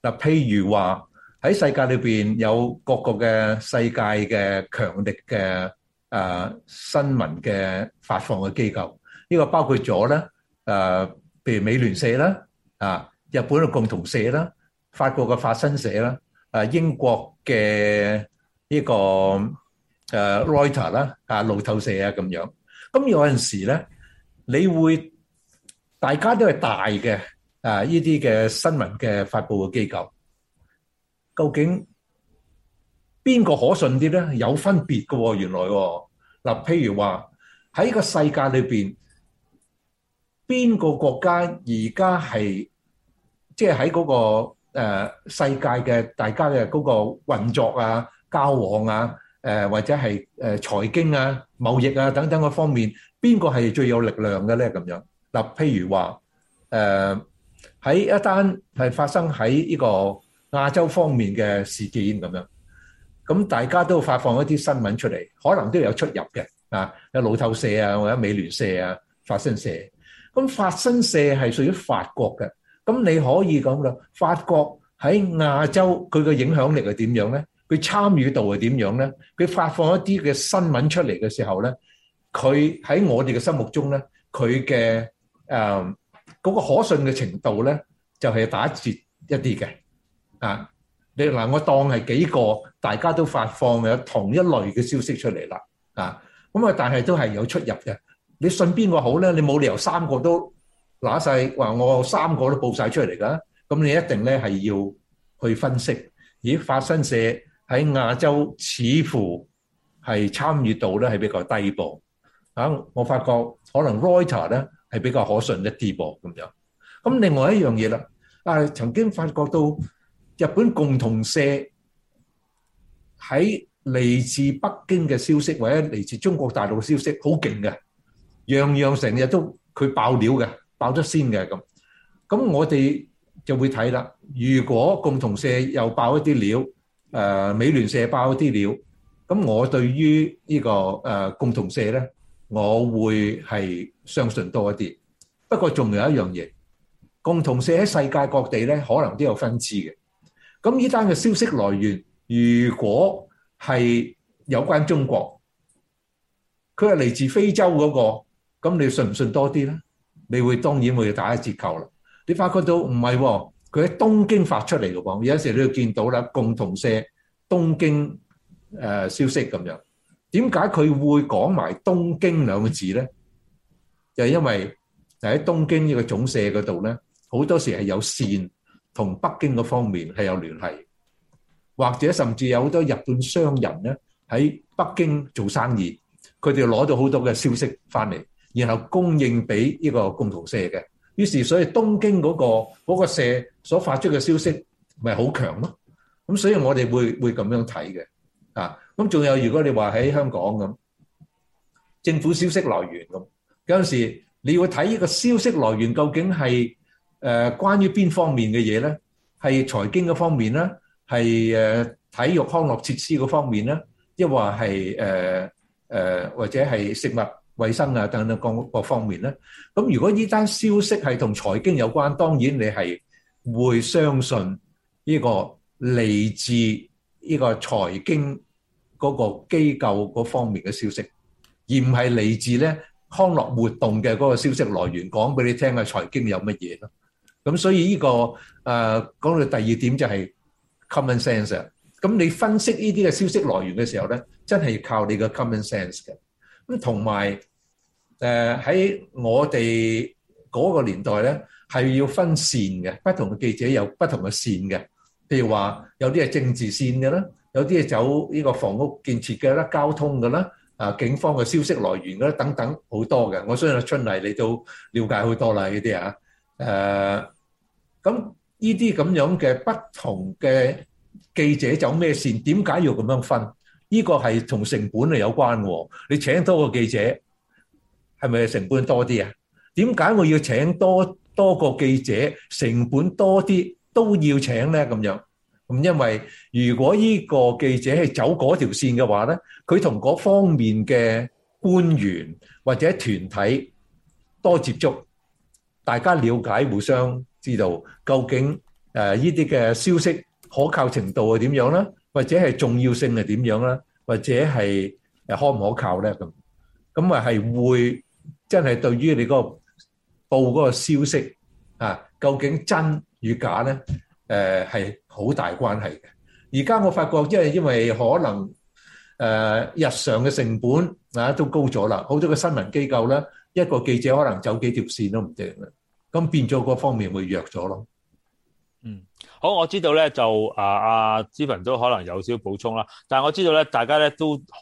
嗱，譬如話喺世界裏邊有各國嘅世界嘅強力嘅誒新聞嘅發放嘅機構，呢個包括咗咧誒，譬如美聯社啦，啊，日本嘅共同社啦。法國嘅法新社啦，啊，英國嘅呢個誒 Reuters 啦，啊路透社啊咁樣，咁有陣時咧，你會大家都係大嘅，啊呢啲嘅新聞嘅發布嘅機構，究竟邊個可信啲咧？有分別㗎喎，哦，原來嗱，哦，譬如話喺個世界裏邊，邊個國家而家係即係喺嗰個？誒世界嘅大家嘅嗰個運作啊、交往啊、誒或者係誒財經啊、貿易啊等等嘅方面，邊個係最有力量嘅咧？咁樣嗱，譬如話誒喺一單係發生喺呢個亞洲方面嘅事件咁樣，咁大家都發放一啲新聞出嚟，可能都有出入嘅啊，有路透社啊，或者美聯社啊，法新社。咁法新社係屬於法國嘅。咁你可以講啦，法國喺亞洲佢嘅影響力係點樣咧？佢參與度係點樣咧？佢發放一啲嘅新聞出嚟嘅時候咧，佢喺我哋嘅心目中咧，佢嘅誒嗰個可信嘅程度咧，就係打折一啲嘅啊！你嗱，我當係幾個大家都發放嘅同一類嘅消息出嚟啦啊！咁啊，但係都係有出入嘅。你信邊個好咧？你冇理由三個都。嗱，曬話我三個都報曬出嚟㗎，咁你一定咧係要去分析。咦，法新社喺亞洲似乎係參與度咧係比較低噃。啊，我發覺可能 Reuters 咧係比較可信一啲噃咁樣。咁另外一樣嘢啦，啊，曾經發覺到日本共同社喺嚟自北京嘅消息或者嚟自中國大陸嘅消息好勁嘅，樣樣成日都佢爆料嘅。爆咗先嘅咁，咁我哋就會睇啦。如果共同社又爆一啲料，誒美聯社爆一啲料，咁我對於呢個誒共同社咧，我會係相信多一啲。不過仲有一樣嘢，共同社喺世界各地咧，可能都有分支嘅。咁呢單嘅消息來源，如果係有關中國，佢係嚟自非洲嗰個，咁你信唔信多啲咧？你會當然會打一折扣啦。你發覺到唔係喎，佢喺東京發出嚟嘅噃。有時你會見到啦，共同社東京誒消息咁樣。點解佢會講埋東京兩個字咧？就係因為就喺東京呢個總社嗰度咧，好多時係有線同北京嗰方面係有聯繫，或者甚至有好多日本商人咧喺北京做生意，佢哋攞到好多嘅消息翻嚟。然後供應俾呢個共同社嘅，於是所以東京嗰個嗰個社所發出嘅消息咪好強咯。咁所以我哋會會咁樣睇嘅，啊。咁仲有如果你話喺香港咁，政府消息來源咁，有陣時你要睇呢個消息來源究竟係誒關於邊方面嘅嘢咧？係財經嗰方面咧？係誒體育康樂設施嗰方面咧？抑或係誒誒或者係食物？衛生啊，等等各各方面咧。咁如果呢單消息係同財經有關，當然你係會相信呢個嚟自呢個財經嗰個機構嗰方面嘅消息，而唔係嚟自咧康樂活動嘅嗰個消息來源。講俾你聽嘅財經有乜嘢咯。咁所以呢個誒講到第二點就係 common sense。咁你分析呢啲嘅消息來源嘅時候咧，真係要靠你個 common sense 嘅。咁同埋，誒喺我哋嗰個年代咧，係要分線嘅，不同嘅記者有不同嘅線嘅。譬如話，有啲係政治線嘅啦，有啲係走呢個房屋建設嘅啦、交通嘅啦、啊警方嘅消息來源嘅啦，等等好多嘅。我相信春麗你都了解好多啦，呢啲啊，誒，咁呢啲咁樣嘅不同嘅記者走咩線？點解要咁樣分？呢個係同成本係有關喎，你請多個記者係咪成本多啲啊？點解我要請多多個記者成本多啲都要請呢？咁樣咁因為如果呢個記者係走嗰條線嘅話呢，佢同嗰方面嘅官員或者團體多接觸，大家了解，互相知道究竟誒呢啲嘅消息可靠程度係點樣呢？或者係重要性係點樣啦？或者係誒可唔可靠咧？咁咁啊係會真係對於你嗰個報嗰個消息啊，究竟真與假咧？誒係好大關係嘅。而家我發覺，因為因為可能誒日常嘅成本啊都高咗啦，好多個新聞機構咧，一個記者可能走幾條線都唔定啦，咁變咗嗰方面會弱咗咯。好，我知道咧就啊，阿、啊、思文都可能有少補充啦。但我知道咧，大家咧都好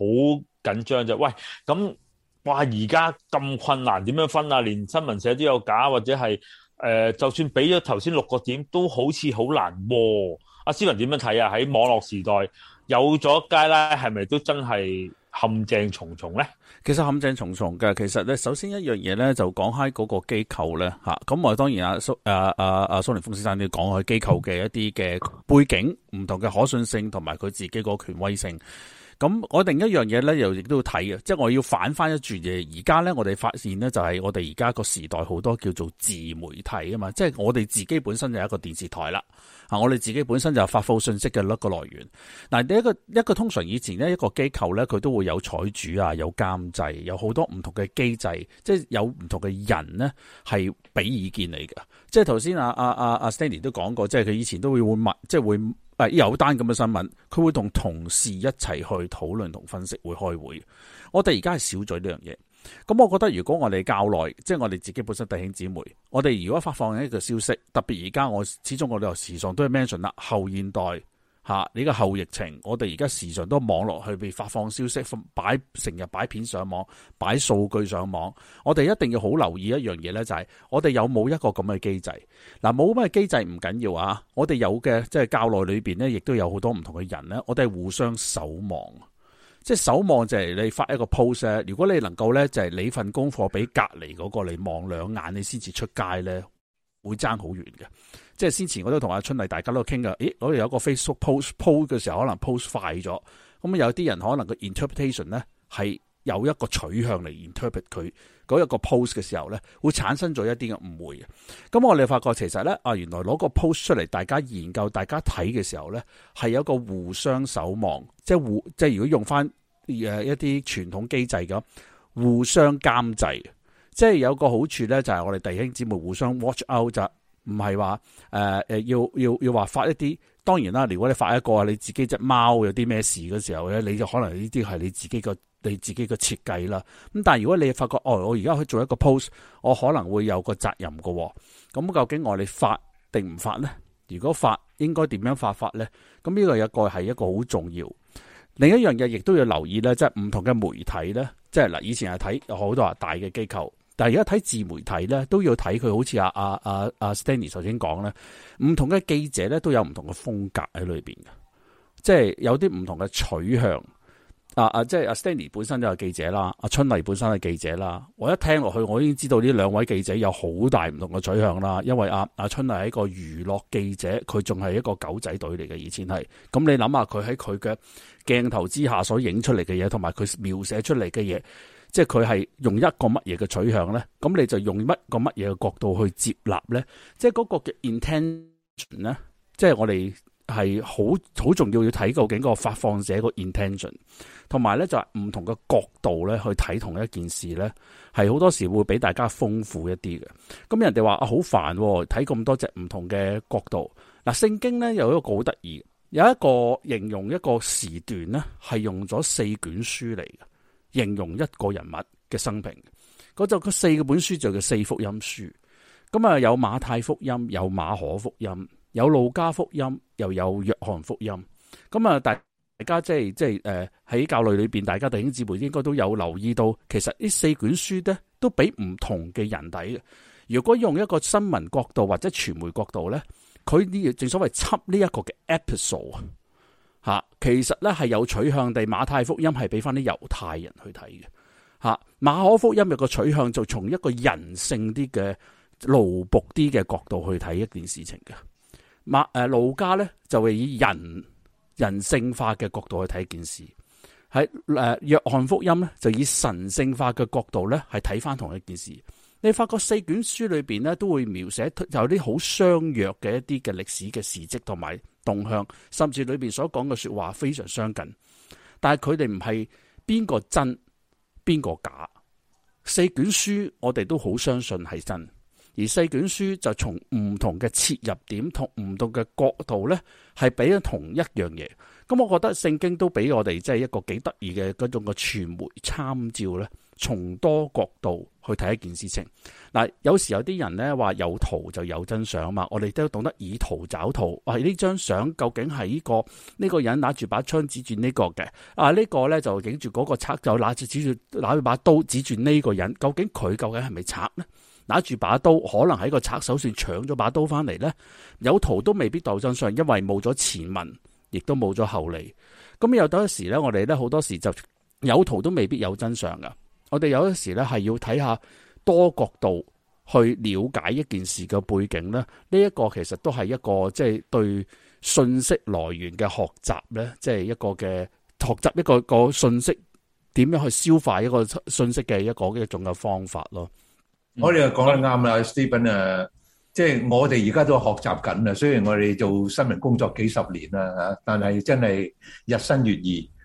緊張，就，喂，咁哇而家咁困難點樣分啊？連新聞社都有假，或者係、呃、就算俾咗頭先六個點都好似好難喎。阿、啊、思文點樣睇啊？喺網絡時代有咗街啦，係咪都真係？陷阱重重咧，其實陷阱重重嘅，其實咧，首先一樣嘢咧就講開嗰個機構咧吓，咁、啊、我當然阿蘇誒誒誒蘇凌峰先生都要講下機構嘅一啲嘅背景，唔同嘅可信性同埋佢自己個權威性。咁我另一樣嘢咧，又亦都要睇嘅，即係我要反翻一轉嘅。而家咧，我哋發現咧，就係我哋而家個時代好多叫做自媒體啊嘛，即係我哋自己本身就係一個電視台啦，我哋自己本身就係發布信息嘅一個來源。嗱，第一個一個通常以前呢一個機構咧，佢都會有採主啊，有監製，有好多唔同嘅機制，即係有唔同嘅人咧係俾意見嚟嘅。即係頭先啊啊啊啊 Stanley 都講過，即係佢以前都會會問，即係會。係有單咁嘅新聞，佢會同同事一齊去討論同分析，會開會。我哋而家係少咗呢樣嘢。咁我覺得如果我哋教內，即係我哋自己本身弟兄姊妹，我哋如果發放一個消息，特別而家我始終我哋又時尚都係 mention 啦，後現代。吓！你、這個後疫情，我哋而家時常都網絡去被發放消息，擺成日擺片上網，擺數據上網。我哋一定要好留意一樣嘢呢，就係、是、我哋有冇一個咁嘅機制。嗱，冇咩機制唔緊要啊。我哋有嘅即係教內裏邊呢，亦都有好多唔同嘅人呢。我哋互相守望，即係守望就係你發一個 post，如果你能夠呢，就係你份功課俾隔籬嗰個你望兩眼，你先至出街呢，會爭好遠嘅。即係先前我都同阿春麗，大家都傾噶。咦，我哋有一個 Facebook post post 嘅時候，可能 post 快咗，咁有啲人可能個 interpretation 咧係有一個取向嚟 interpret 佢嗰一個 post 嘅時候咧，會產生咗一啲嘅誤會。咁我哋發覺其實咧，啊，原來攞個 post 出嚟，大家研究、大家睇嘅時候咧，係有一個互相守望，即係互，即係如果用翻誒一啲傳統機制咁，互相監制，即係有個好處咧，就係我哋弟兄姊妹互相 watch out 唔係話誒誒要要要話發一啲，當然啦。如果你發一個你自己隻貓有啲咩事嘅時候咧，你就可能呢啲係你自己個你自己個設計啦。咁但係如果你發覺，哦，我而家去做一個 post，我可能會有個責任噶喎。咁究竟我哋發定唔發呢？如果發，應該點樣發法呢？咁呢個有個係一個好重要。另一樣嘢亦都要留意咧，即係唔同嘅媒體咧，即係嗱，以前係睇有好多啊大嘅機構。但而家睇自媒體咧，都要睇佢好似阿啊啊阿 Stanley 頭先講咧，唔、啊、同嘅記者咧都有唔同嘅風格喺裏面，嘅，即係有啲唔同嘅取向。啊啊，即係阿 Stanley 本身就係記者啦，阿、啊、春麗本身係記者啦。我一聽落去，我已經知道呢兩位記者有好大唔同嘅取向啦。因為阿、啊、阿、啊、春麗係一個娛樂記者，佢仲係一個狗仔隊嚟嘅，以前係。咁你諗下佢喺佢嘅鏡頭之下所影出嚟嘅嘢，同埋佢描寫出嚟嘅嘢。即係佢係用一個乜嘢嘅取向咧，咁你就用乜個乜嘢嘅角度去接納咧？即係嗰個嘅 intention 咧，即係我哋係好好重要要睇究竟個發放者個 intention、就是、同埋咧就係唔同嘅角度咧去睇同一件事咧，係好多時會俾大家豐富一啲嘅。咁人哋話啊好煩，睇咁、哦、多隻唔同嘅角度。嗱，聖經咧有一個好得意，有一個形容一個時段咧係用咗四卷書嚟嘅。形容一個人物嘅生平，嗰就嗰四個本書就叫四福音書。咁啊，有馬太福音，有馬可福音，有路加福音，又有約翰福音。咁啊，大大家即係即係、呃、喺教會裏面，大家弟兄姊妹應該都有留意到，其實呢四卷書咧都俾唔同嘅人睇嘅。如果用一個新聞角度或者傳媒角度咧，佢呢正所謂輯呢一個嘅 episode。吓，其實咧係有取向地，馬太福音係俾翻啲猶太人去睇嘅。吓，馬可福音有個取向，就從一個人性啲嘅勞僕啲嘅角度去睇一件事情嘅。馬誒路加咧就會以人人性化嘅角度去睇一件事。喺誒約翰福音咧就以神聖化嘅角度咧係睇翻同一件事。你發覺四卷書裏邊咧都會描寫有啲好相約嘅一啲嘅歷史嘅事跡同埋。動向，甚至裏邊所講嘅說話非常相近，但係佢哋唔係邊個真邊個假。四卷書我哋都好相信係真，而四卷書就從唔同嘅切入點同唔同嘅角度呢，係俾咗同一樣嘢。咁、嗯、我覺得聖經都俾我哋即係一個幾得意嘅嗰種嘅傳媒參照呢，從多角度。去睇一件事情嗱、啊，有時有啲人咧話有圖就有真相啊嘛，我哋都懂得以圖找圖。哇，呢張相究竟係呢、呢個呢、呢個人拿住把槍指住呢個嘅？啊，呢個、呢個咧就影住嗰個賊就拿住指住拿住把刀指住呢個人，究竟佢究竟係咪賊呢？拿住把刀可能喺個賊手上搶咗把刀翻嚟咧。有圖都未必有真相，因為冇咗前文，亦都冇咗後理。咁有時呢呢多時咧，我哋咧好多時就有圖都未必有真相噶。我哋有陣時咧，係要睇下多角度去了解一件事嘅背景咧。呢、這、一個其實都係一個即係、就是、對信息來源嘅學習咧，即、就、係、是、一個嘅學習一個一個信息點樣去消化一個信息嘅一個一種嘅方法咯。我哋又講得啱啦、嗯、，Stephen 啊，即、就、係、是、我哋而家都在學習緊啊。雖然我哋做新聞工作幾十年啦，但係真係日新月異。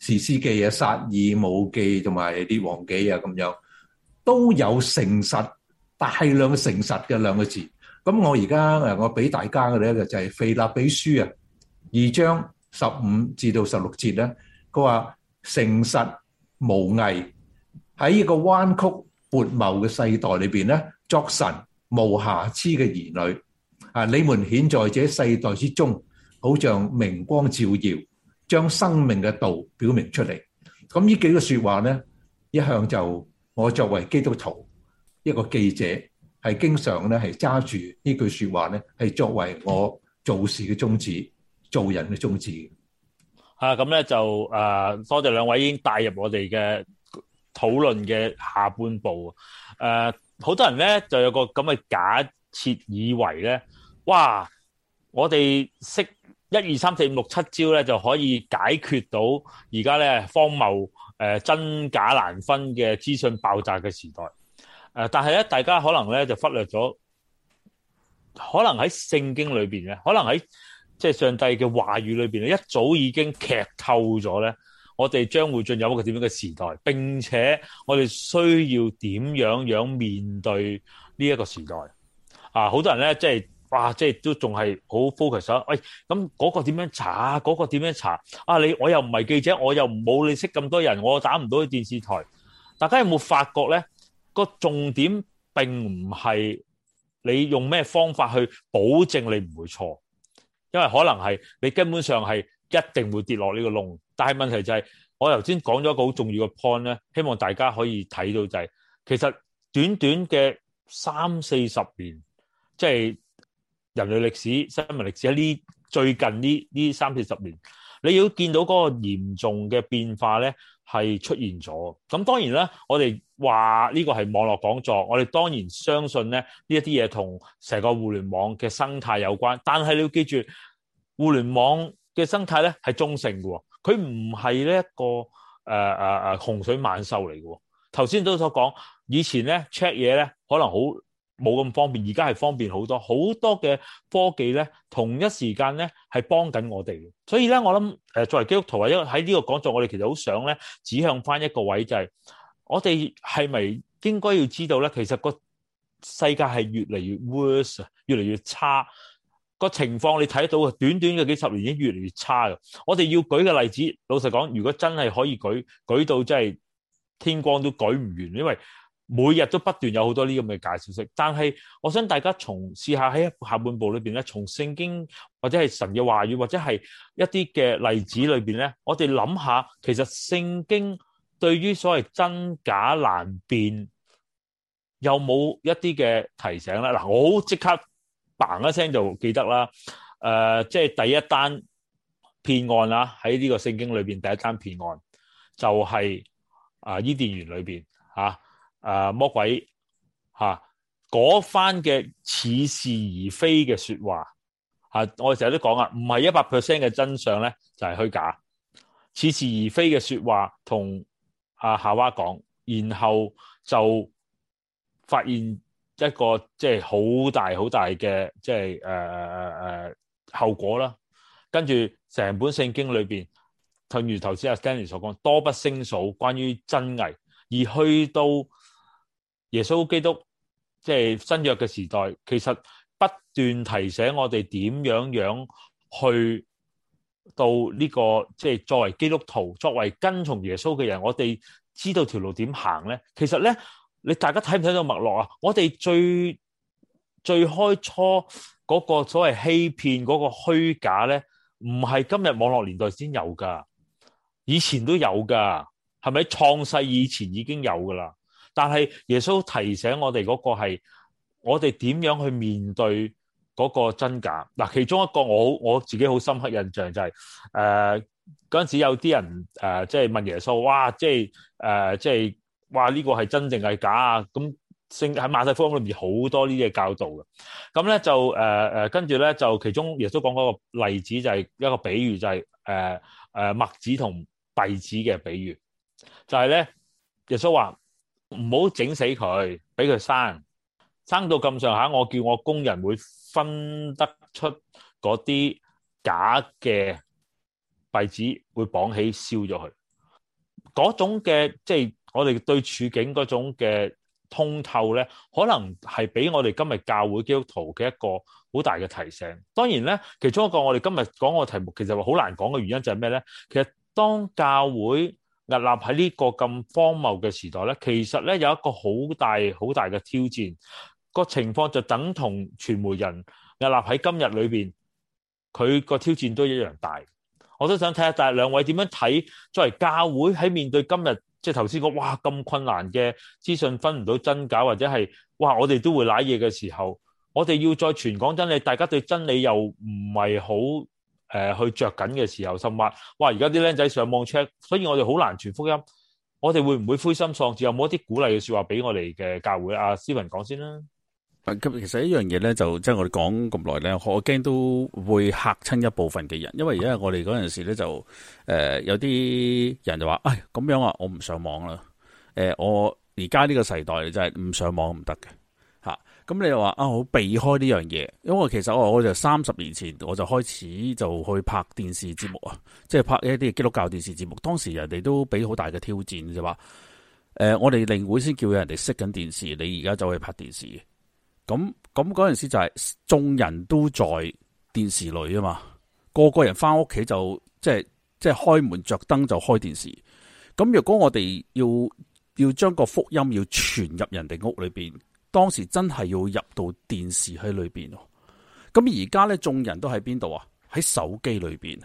士師記啊，撒母耳記同埋列王記啊，咁樣都有誠實大量嘅誠實嘅兩個字。咁我而家誒，我俾大家嘅咧就就係腓立比書啊，二章十五至到十六節咧，佢話，誠實無偽，喺呢個彎曲悖謬嘅世代裏邊咧，作神無瑕疵嘅兒女啊，你們顯在這世代之中，好像明光照耀。將生命嘅道表明出嚟，咁呢幾個說話咧，一向就我作為基督徒一個記者，係經常咧係揸住呢句說話咧，係作為我做事嘅宗旨、做人嘅宗旨嘅。啊，咁咧就誒、呃，多謝兩位已經帶入我哋嘅討論嘅下半部。誒、呃，好多人咧就有個咁嘅假設，以為咧，哇，我哋識。一二三四五六七招咧，就可以解決到而家咧荒謬、呃、真假難分嘅資訊爆炸嘅時代。呃、但係咧，大家可能咧就忽略咗，可能喺聖經裏面，咧，可能喺即係上帝嘅話語裏面，咧，一早已經劇透咗咧，我哋將會進入一個點樣嘅時代，並且我哋需要點樣樣面對呢一個時代。啊，好多人咧，即係。哇！即係都仲係好 focus 啊！喂，咁嗰個點樣查啊？嗰個點樣查啊？啊，你我又唔係記者，我又冇你識咁多人，我打唔到電視台。大家有冇發覺呢？個重點並唔係你用咩方法去保證你唔會錯，因為可能係你根本上係一定會跌落呢個窿。但係問題就係，我頭先講咗一個好重要嘅 point 呢，希望大家可以睇到就係，其實短短嘅三四十年，即係。人類歷史、新聞歷史喺呢最近呢呢三四十年，你要見到嗰個嚴重嘅變化咧，係出現咗。咁當然啦，我哋話呢個係網絡講座，我哋當然相信咧呢一啲嘢同成個互聯網嘅生態有關。但係你要記住，互聯網嘅生態咧係中性嘅，哦，佢唔係呢一個誒誒誒洪水猛獸嚟嘅。頭先都所講，以前咧 check 嘢咧可能好冇咁方便，而家係方便好多，好多嘅科技咧，同一時間咧係幫緊我哋。所以咧，我諗誒，作為基督徒啊，一個喺呢個講座，我哋其實好想咧指向翻一個位置，就係，就係我哋係咪應該要知道咧？其實個世界係越嚟越 worse，越嚟越差，這個情況，你睇到，短短嘅幾十年已經越嚟越差嘅。我哋要舉嘅例子，老實講，如果真係可以舉舉到真係天光都舉唔完，因為。每日都不斷有好多呢咁嘅假消息，但係我想大家從試下喺下半部裏邊咧，從聖經或者係神嘅話語或者係一啲嘅例子裏邊咧，我哋諗下其實聖經對於所謂真假難辨有冇一啲嘅提醒咧？嗱，我好即刻嘭一聲就記得啦。誒、呃，即、就、係、是、第一單騙案啦，喺呢個聖經裏邊第一單騙案就係啊伊甸園裏邊嚇。啊誒、啊，魔鬼吓，嗰、啊、番嘅似是而非嘅說話吓、啊，我成日都講啊，唔係一百 percent 嘅真相咧，就係、是、虛假，似是而非嘅說話同阿、啊、夏娃講，然後就發現一個即係好大好大嘅即係誒誒誒後果啦。跟住，成本聖經裏邊，正如頭先阿 Stanley 所講，多不勝數關於真偽而去到。耶穌基督即係、就是，新約嘅時代，其實不斷提醒我哋點樣樣去到呢、這個即係、就是，作為基督徒、作為跟從耶穌嘅人，我哋知道條路點行咧。其實咧，你大家睇唔睇到脈絡啊？我哋最最開初嗰個所謂欺騙嗰個虛假咧，唔係今日網絡年代先有噶，以前都有噶，係咪創世以前已經有噶啦？但係耶穌提醒我哋嗰個係我哋點樣去面對嗰個真假嗱，其中一個我我自己好深刻印象就係誒嗰陣時有啲人誒即係問耶穌，哇即係誒、呃、即係哇呢、這個係真定係假啊？咁聖喺馬太福音裏面好多呢啲嘅教導嘅，咁咧就誒誒、呃、跟住咧就其中耶穌講嗰個例子就係一個比喻就係誒誒麥子同稗子嘅比喻就係、是、咧耶穌話。唔好整死佢，俾佢生生到咁上下。我叫我工人會分得出嗰啲假嘅幣紙，會綁起燒咗佢。嗰種嘅，即係我哋對處境嗰種嘅通透咧，可能係俾我哋今日教會基督徒嘅一個好大嘅提醒。當然咧，其中一個我哋今日講個題目，其實話好難講嘅原因就係咩咧？其實當教會屹立喺呢個咁荒謬嘅時代咧，其實咧，有一個好大好大嘅挑戰，個情況就等同傳媒人屹立喺今日裏邊，佢個挑戰都一樣大。我都想睇下，但係兩位點樣睇作為教會喺面對今日，即係頭先個話咁困難嘅資訊分唔到真假，或者係話我哋都會瀨嘢嘅時候，我哋要再傳講真理，大家對真理又唔係好，誒、呃、去着緊嘅時候，心挖哇！而家啲僆仔上網 check，所以我哋好難傳福音。我哋會唔會灰心喪志？有冇一啲鼓勵嘅說話俾我哋嘅教會？阿斯文講先啦。咁其實一樣嘢咧，就即係我哋講咁耐咧，我驚都會嚇親一部分嘅人。因為而家我哋嗰陣時咧，就、呃、誒有啲人就話，哎，咁樣啊，我唔上網啦。誒、呃，我而家呢個時代就係唔上網唔得嘅。咁你又話啊好避開呢樣嘢，因為其實我我就三十年前我就開始就去拍電視節目啊，即係拍一啲基督教電視節目。當時人哋都俾好大嘅挑戰，就話誒，我哋令會先叫人哋熄緊電視，你而家就去拍電視。咁咁嗰陣時就係眾人都在電視裏啊嘛，個個人翻屋企就即係即係開門着燈就開電視。咁若果我哋要要將個福音要傳入人哋屋裏邊。當時真係要入到電視喺裏邊，啊，咁而家呢，眾人都喺邊度啊？喺手機裏邊，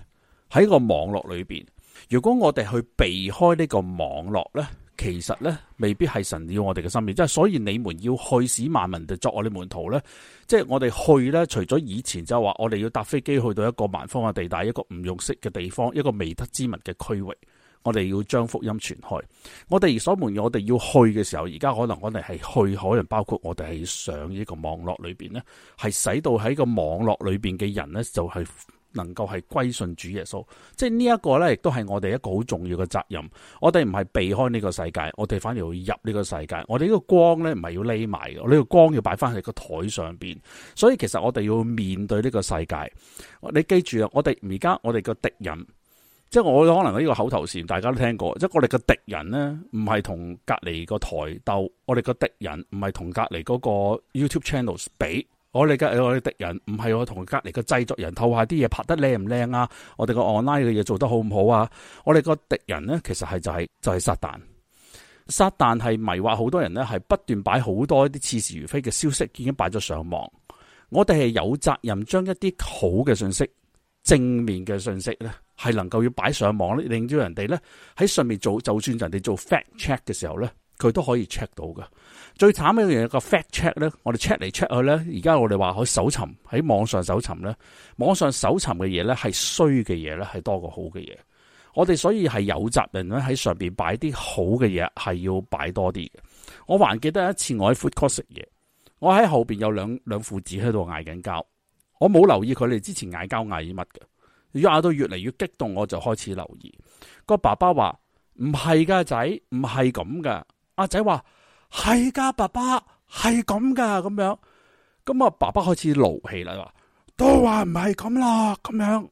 喺個網絡裏邊。如果我哋去避開呢個網絡呢，其實呢，未必係神要我哋嘅心意。即係所以你們要去使萬民地作我哋門徒呢。即係我哋去呢，除咗以前就係話我哋要搭飛機去到一個蠻荒嘅地帶，一個唔用識嘅地方，一個未得之物嘅區域。我哋要將福音傳開，我哋所門，我哋要去嘅時候，而家可能我哋係去，可能包括我哋係上呢個網絡裏邊呢係使到喺個網絡裏邊嘅人呢，就係、是、能夠係歸信主耶穌。即係呢一個呢，亦都係我哋一個好重要嘅責任。我哋唔係避開呢個世界，我哋反而要入呢個世界。我哋呢個光呢，唔係要匿埋嘅，呢個光要擺翻喺個台上邊。所以其實我哋要面對呢個世界。你記住啊，我哋而家我哋個敵人。即係我可能呢個口頭禪，大家都聽過。即係我哋個敵人呢唔係同隔籬個台鬥，我哋個敵人唔係同隔籬嗰個 YouTube channels 比，我哋嘅我哋敵人唔係我同隔籬個製作人透下啲嘢，拍得靚唔靚啊？我哋個 online 嘅嘢做得好唔好啊？我哋個敵人呢其實係就係、係、就係、係、撒旦。撒旦係迷惑好多人呢係不斷擺好多一啲似是而非嘅消息，已經擺咗上網。我哋係有責任將一啲好嘅信息、正面嘅信息係能夠要擺上網咧，令到人哋咧喺上面做，就算人哋做 fact check 嘅時候咧，佢都可以 check 到嘅。最慘嘅一樣嘢，個 fact check 咧，我哋 check 嚟 check 去咧，而家我哋話可以搜尋喺網上搜尋咧，網上搜尋嘅嘢咧，係衰嘅嘢咧，係多過好嘅嘢。我哋所以係有責任咧喺上邊擺啲好嘅嘢，係要擺多啲嘅。我還記得一次我喺 food court 食嘢，我喺後邊有兩兩父子喺度嗌緊交，我冇留意佢哋之前嗌交嗌乜嘅。越嗌到越嚟越激動，我就開始留意。個爸爸話唔係噶仔，唔係咁噶。阿仔話係噶爸爸，係咁噶咁樣的。咁啊，爸爸開始勞氣啦，話都話唔係咁啦，咁樣。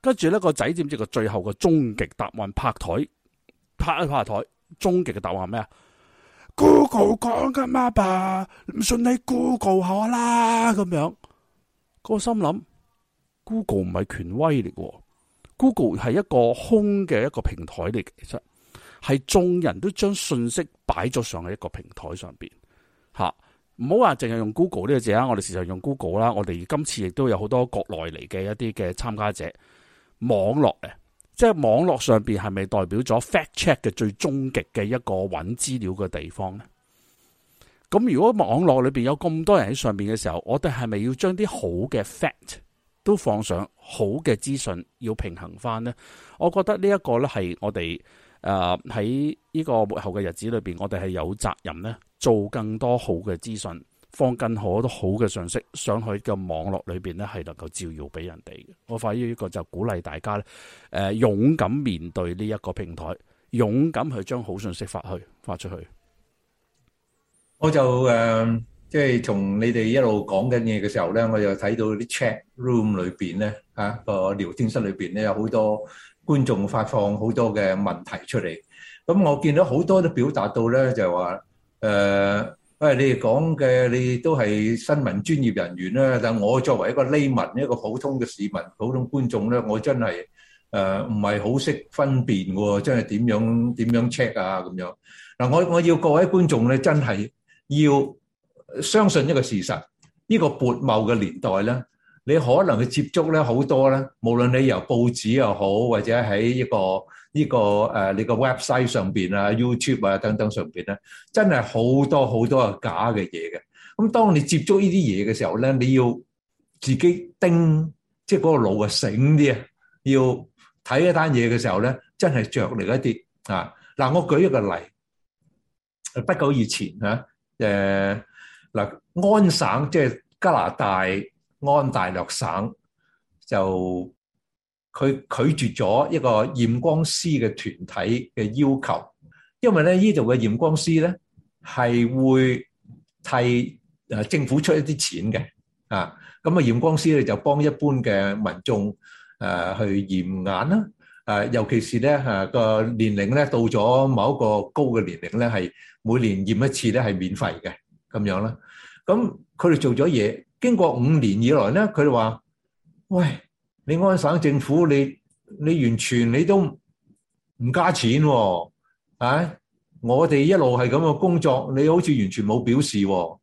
跟住咧，個仔知唔知個最後個終極答案？拍台，拍一拍台。終極嘅答案係咩啊？Google 講噶媽爸，唔信你 Google 下啦。咁樣，個心諗。Google 唔係權威嚟，Google 係一個空嘅一個平台嚟，其實係眾人都將信息擺咗上去一個平台上邊吓，唔好話淨係用 Google 呢個字啦。我哋時常用 Google 啦，我哋今次亦都有好多國內嚟嘅一啲嘅參加者。網絡呢，即係網絡上邊係咪代表咗 fact check 嘅最終極嘅一個揾資料嘅地方咧？咁如果網絡裏邊有咁多人喺上邊嘅時候，我哋係咪要將啲好嘅 fact？都放上好嘅資訊，要平衡返呢。我覺得呢一個呢，係我哋誒喺呢個末後嘅日子裏面，我哋係有責任呢，做更多好嘅資訊，放更多好嘅信息上去嘅網絡裏面呢，係能夠照耀俾人哋嘅。我反而呢個就鼓勵大家呢、呃，勇敢面對呢一個平台，勇敢去將好信息發去發出去。我就誒。Uh 即係從你哋一路講緊嘢嘅時候咧，我又睇到啲 chat room 裏邊咧，啊，個聊天室裏邊咧有好多觀眾發放好多嘅問題出嚟。咁我見到好多都表達到咧，就係話誒，喂，你哋講嘅你都係新聞專業人員啦，但係我作為一個 layman 一個普通嘅市民、普通觀眾咧，我真係誒唔係好識分辨喎，真係點樣點樣 check 啊，咁樣。嗱，我我要各位觀眾咧，真係要。相信一個事實，呢個撥茂嘅年代咧，你可能去接觸咧好多咧，無論你由報紙又好，或者喺一個呢個誒你個 website 上邊啊、YouTube 啊等等上邊咧，真係好多好多嘅假嘅嘢嘅。咁當你接觸呢啲嘢嘅時候咧，你要自己叮，即係嗰個腦啊醒啲啊，要睇一單嘢嘅時候咧，真係着力一啲啊。嗱，我舉一個例，不久以前啊，誒。嗱，安省即係、就是、加拿大安大略省，就佢拒絕咗一個驗光師嘅團體嘅要求，因為咧呢度嘅驗光師咧係會替誒政府出一啲錢嘅啊，咁啊驗光師咧就幫一般嘅民眾誒去驗眼啦，誒尤其是咧誒個年齡咧到咗某一個高嘅年齡咧，係每年驗一次咧係免費嘅咁樣啦。咁佢哋做咗嘢，經過五年以來咧，佢哋話，喂，你安省政府，你你完全你都唔加錢喎、哦，啊！我哋一路係咁嘅工作，你好似完全冇表示喎、哦。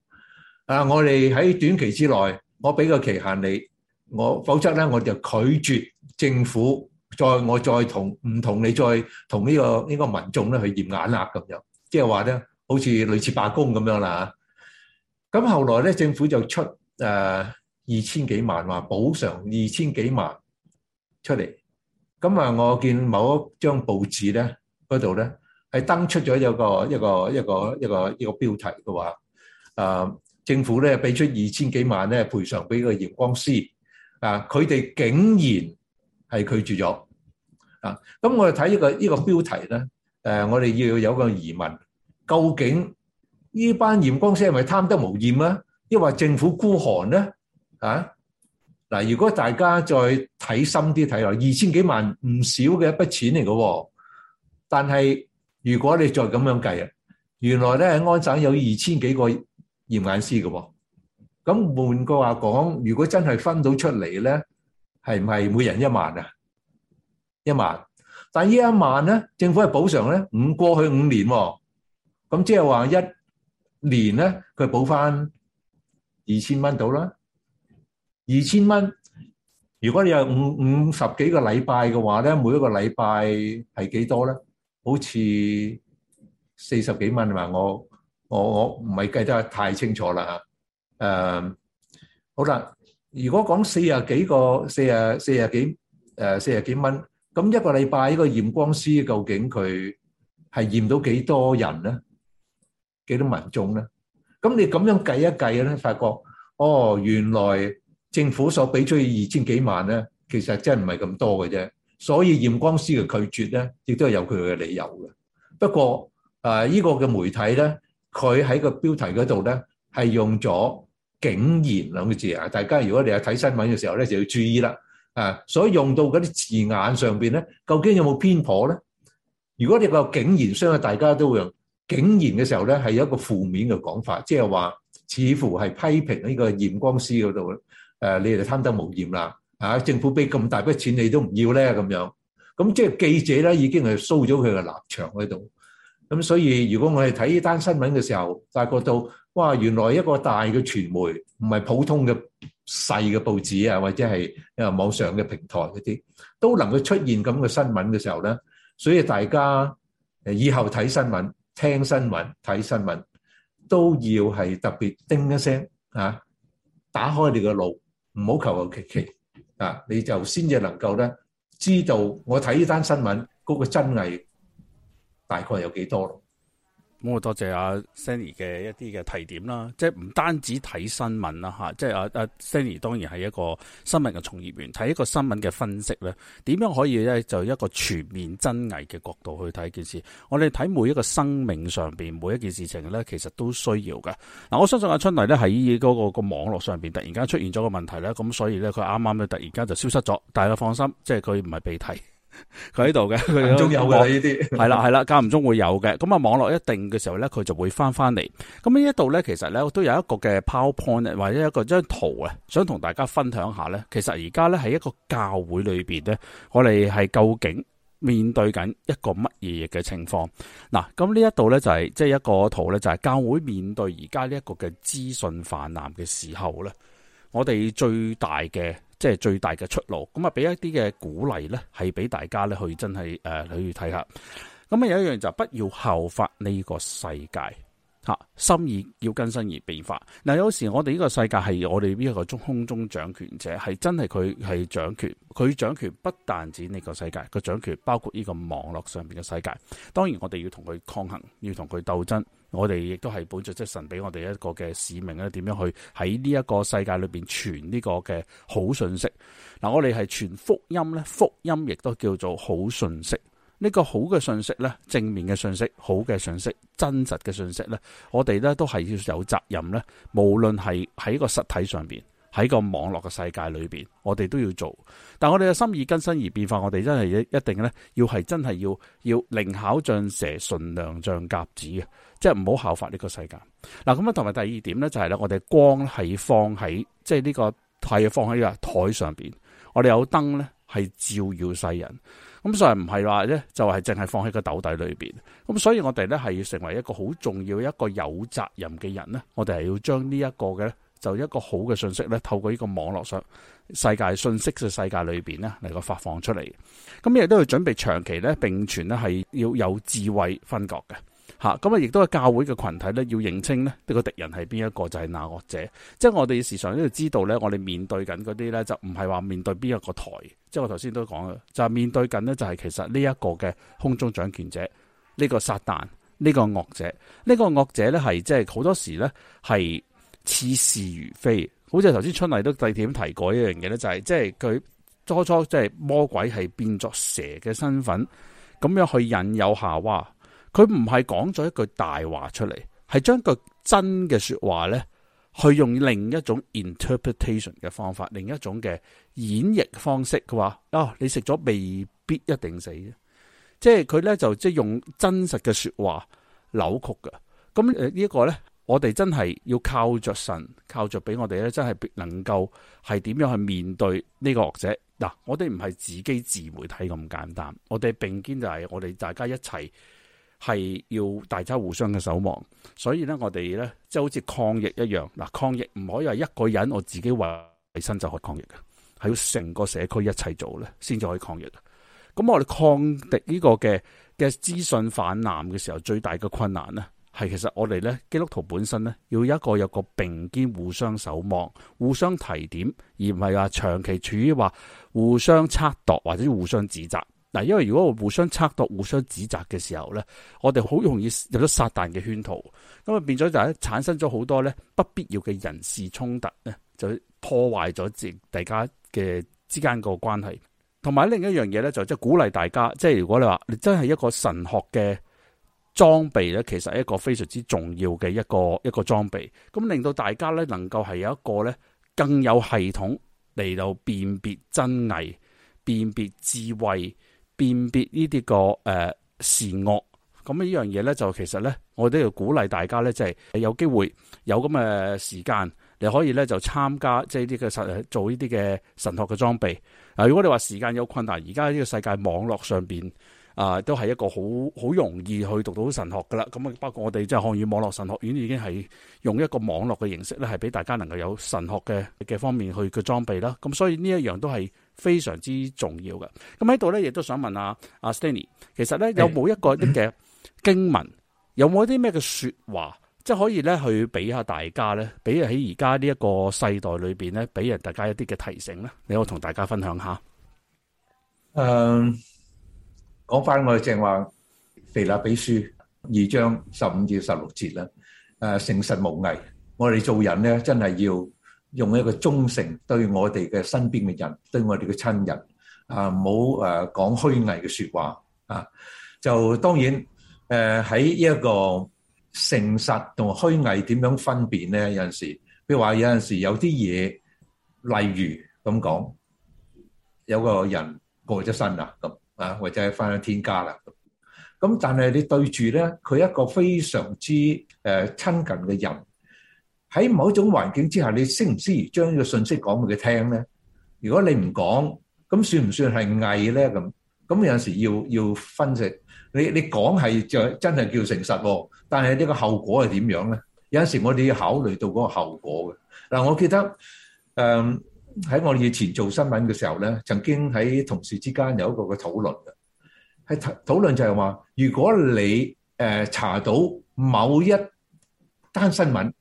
啊！我哋喺短期之內，我俾個期限你，我否則咧我哋就拒絕政府再我再同唔同你再同呢、這個呢、這個民眾咧去驗眼壓咁樣，即係話咧，好似類似罷工咁樣啦、啊。咁後來咧，政府就出誒二千幾萬話補償二千幾萬出嚟。咁啊，我見某一張報紙咧，嗰度咧係登出咗一個一個一個一個一個標題嘅話，誒政府咧俾出二千幾萬咧賠償俾個葉光師啊，佢哋竟然係拒絕咗啊！咁我哋睇呢個呢個標題咧，誒我哋要有個疑問，究竟？呢班驗光師係咪貪得無厭啊？抑或政府孤寒咧？嗱、啊，如果大家再睇深啲睇落，二千幾萬唔少嘅一筆錢嚟嘅喎。但係如果你再咁樣計啊，原來咧喺安省有二千幾個驗眼師嘅喎、哦。咁換句話講，如果真係分到出嚟咧，係唔係每人一萬啊？一萬。但呢一萬咧，政府係補償咧，五過去五年喎、哦。咁即係話一。年咧，佢補翻二千蚊到啦。二千蚊，如果你有五五十幾個禮拜嘅話咧，每一個禮拜係幾多咧？好似四十幾蚊啊！我我我唔係計得太清楚啦嚇。誒、uh，好啦，如果講四啊幾個、四啊四啊幾誒四啊幾蚊，咁、uh，一個禮拜呢個驗光師，究竟佢係驗到幾多人咧？幾多民眾咧？咁你咁樣計一計咧，發覺哦，原來政府所俾出二千幾萬咧，其實真係唔係咁多嘅啫。所以驗光師嘅拒絕咧，亦都係有佢嘅理由嘅。不過啊，呢個嘅媒體咧，佢喺個標題嗰度咧，係用咗竟然兩個字啊。大家如果你有睇新聞嘅時候咧，就要注意啦。啊，所以用到嗰啲字眼上面咧，究竟有冇偏頗咧？如果你話竟然，相信大家都會。竟然嘅時候咧，係有一個負面嘅講法，即係話似乎係批評喺呢個驗光師嗰度誒，你哋貪得無厭啦，啊政府俾咁大筆錢你都唔要咧咁樣，咁即係記者咧已經係 show 咗佢嘅立場喺度，咁所以如果我哋睇呢單新聞嘅時候，發覺到哇，原來一個大嘅傳媒唔係普通嘅細嘅報紙啊，或者係誒網上嘅平台嗰啲都能夠出現咁嘅新聞嘅時候咧，所以大家誒以後睇新聞。聽新聞、睇新聞都要係特別叮一聲啊，打開你個腦，唔好求求其其啊，你就先至能夠咧知道我睇呢單新聞嗰個真偽大概有幾多。咁我多謝阿 Sunny 嘅一啲嘅提點啦，即係唔單止睇新聞啦吓，即係阿阿 Sunny 當然係一個新聞嘅從業員，睇一個新聞嘅分析咧，點樣可以咧就一個全面真偽嘅角度去睇件事。我哋睇每一個生命上邊每一件事情咧，其實都需要嘅。嗱，我相信阿春麗咧喺呢個個網絡上邊突然間出現咗個問題咧，咁所以咧佢啱啱咧突然間就消失咗，大家放心，即係佢唔係被提。佢喺度嘅，間 中有噶呢啲，係啦，係啦，間唔中， 中會有嘅。咁啊，網絡一定嘅時候咧，佢就會翻翻嚟。咁呢一度咧，其實咧，我都有一個嘅 PowerPoint 或者一個張圖啊，想同大家分享下咧。其實而家咧，喺一個教會裏邊咧，我哋係究竟面對緊一個乜嘢嘅情況？嗱，咁呢一度咧就係即係一個圖咧，就係、是、教會面對而家呢一個嘅資訊泛濫嘅時候咧，我哋最大嘅。即係最大嘅出路咁啊，俾一啲嘅鼓勵咧，係俾大家咧去真係誒、呃、去睇下。咁、嗯、啊，有一樣就不要效法呢個世界吓，心意要更新而變化嗱、嗯。有時我哋呢個世界係我哋呢一個中空中掌權者係真係佢係掌權。佢掌權不但止呢個世界佢掌權，包括呢個網絡上邊嘅世界。當然我哋要同佢抗衡，要同佢鬥爭。我哋亦都係本着即神俾我哋一個嘅使命咧，點樣去喺呢一個世界裏邊傳呢個嘅好信息嗱？我哋係傳福音咧，福音亦都叫做好信息。呢個好嘅信息咧，正面嘅信息，好嘅信息，真實嘅信息咧，我哋咧都係要有責任咧。無論係喺個實體上邊，喺個網絡嘅世界裏邊，我哋都要做。但我哋嘅心意更新而變化，我哋真係一一定咧，要係真係要要靈巧像蛇，順良像甲子。即係唔好效法呢個世界。嗱，咁樣同埋第二點咧，就係咧，我哋光係放喺，即係呢個係放喺個台上邊。我哋有燈咧，係照耀世人。咁所以唔係話咧，就係淨係放喺個斗底裏邊。咁所以我哋咧係要成為一個好重要、一個有責任嘅人咧。我哋係要將呢一個嘅咧，就一個好嘅信息咧，透過呢個網絡上世界信息嘅世界裏邊咧嚟個發放出嚟。咁亦都要準備長期咧並存咧，係要有智慧分割嘅。吓，咁啊，亦都係教會嘅群體咧，要認清咧呢個敵人係邊一個，就係、是、那惡者。即係我哋時常都要知道咧，我哋面對緊嗰啲咧，就唔係話面對邊一個台。即係我頭先都講嘅就係、是、面對緊咧，就係其實呢一個嘅空中掌權者，呢、這個撒旦，呢、這個惡者，呢、這個惡者咧係即係好多時咧係似是而非。好似頭先春麗都地點提過一樣嘢咧，就係、是、即係佢初初即係魔鬼係變作蛇嘅身份，咁樣去引誘夏娃。佢唔係講咗一句大話出嚟，係將句真嘅說話呢去用另一種 interpretation 嘅方法，另一種嘅演繹方式。佢話：哦，你食咗未必一定死，即係佢呢就即係用真實嘅說話扭曲噶。咁呢一個呢，我哋真係要靠着神，靠着俾我哋咧，真係能夠係點樣去面對呢個惡者。嗱，我哋唔係自己自媒體咁簡單，我哋並肩就係我哋大家一齊。係要大家互相嘅守望，所以咧我哋咧，即係好似抗疫一樣嗱，抗疫唔可以係一個人我自己衛生，就可以抗疫嘅，係要成個社區一齊做咧，先至可以抗疫。咁我哋抗敵呢個嘅嘅資訊泛濫嘅時候，最大嘅困難咧係其實我哋咧基督徒本身咧要一個有一個並肩互相守望、互相提點，而唔係話長期處於話互相測度，或者互相指責。嗱，因為如果我互相猜度、互相指責嘅時候咧，我哋好容易入咗撒旦嘅圈套，咁啊變咗就係產生咗好多咧不必要嘅人事衝突咧，就破壞咗即大家嘅之間個關係。同埋另一樣嘢咧，就即係鼓勵大家，即係如果你話你真係一個神學嘅裝備咧，其實係一個非常之重要嘅一個一個裝備，咁令到大家咧能夠係有一個咧更有系統嚟到辨別真偽、辨別智慧。辨別呢啲個誒善惡，咁呢樣嘢咧就其實咧，我都要鼓勵大家咧，即係有機會有咁嘅時間，你可以咧就參加即係啲嘅做呢啲嘅神學嘅裝備。如果你話時間有困難，而家呢個世界網絡上邊，啊、呃，都係一個好好容易去讀到神學噶啦。咁啊，包括我哋即係漢語網絡神學院已經係用一個網絡嘅形式咧，係俾大家能夠有神學嘅嘅方面去嘅裝備啦。咁所以呢一樣都係。非常之重要嘅，咁喺度咧，亦都想問下阿 Stanley，其實咧是有冇一個啲嘅經文，嗯、有冇啲咩嘅說話，即係可以咧去俾下大家咧，俾喺而家呢一個世代裏邊咧，俾人大家一啲嘅提醒咧，你可同大家分享一下？誒、嗯，講翻我哋正話《腓立比書》二章十五至十六節啦。誒，誠實無偽，我哋做人咧真係要。用一個忠誠對我哋嘅身邊嘅人，對我哋嘅親人，啊，唔好誒講虛偽嘅説話啊！就當然誒喺、啊、一個誠實同虛偽點樣分辨咧？有陣時，譬如話有陣時有啲嘢，例如咁講，有個人過咗身啦，咁啊，或者翻咗天家啦，咁、啊，咁但係你對住咧，佢一個非常之誒、啊、親近嘅人。喺某一種環境之下，你適唔適宜將呢個信息講俾佢聽咧？如果你唔講，咁算唔算係偽咧？咁咁有陣時要要分析，你你講係就真係叫誠實，但係呢個後果係點樣咧？有陣時我哋要考慮到嗰個後果嘅。嗱，我記得誒喺我以前做新聞嘅時候咧，曾經喺同事之間有一個嘅討論，係討論就係話，如果你誒查到某一單新聞。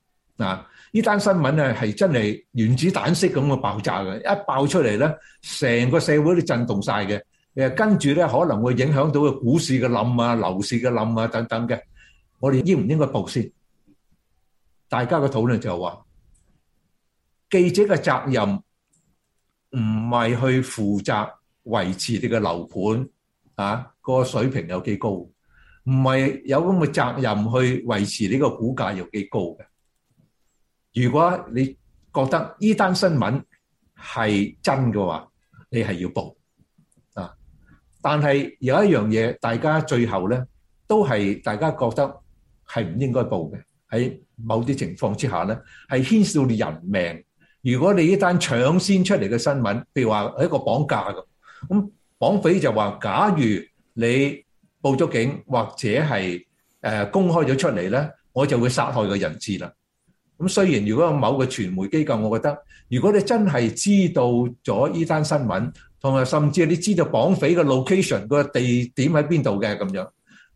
嗱，呢、啊、單新聞咧係真係原子彈式咁嘅爆炸嘅，一爆出嚟咧，成個社會都震動晒嘅。誒，跟住咧可能會影響到個股市嘅冧啊、樓市嘅冧啊等等嘅。我哋應唔應該報先？大家嘅討論就係話，記者嘅責任唔係去負責維持你嘅樓盤啊、嗰個水平有幾高，唔係有咁嘅責任去維持你個股價有幾高嘅。如果你覺得呢單新聞係真嘅話，你係要報啊！但係有一樣嘢，大家最後咧都係大家覺得係唔應該報嘅。喺某啲情況之下咧，係牽涉到人命。如果你呢單搶先出嚟嘅新聞，譬如話係一個綁架咁，咁綁匪就話：假如你報咗警或者係誒公開咗出嚟咧，我就會殺害個人質啦。咁雖然如果有某個傳媒機構，我覺得如果你真係知道咗依單新聞，同埋甚至你知道綁匪嘅 location 個地點喺邊度嘅咁樣，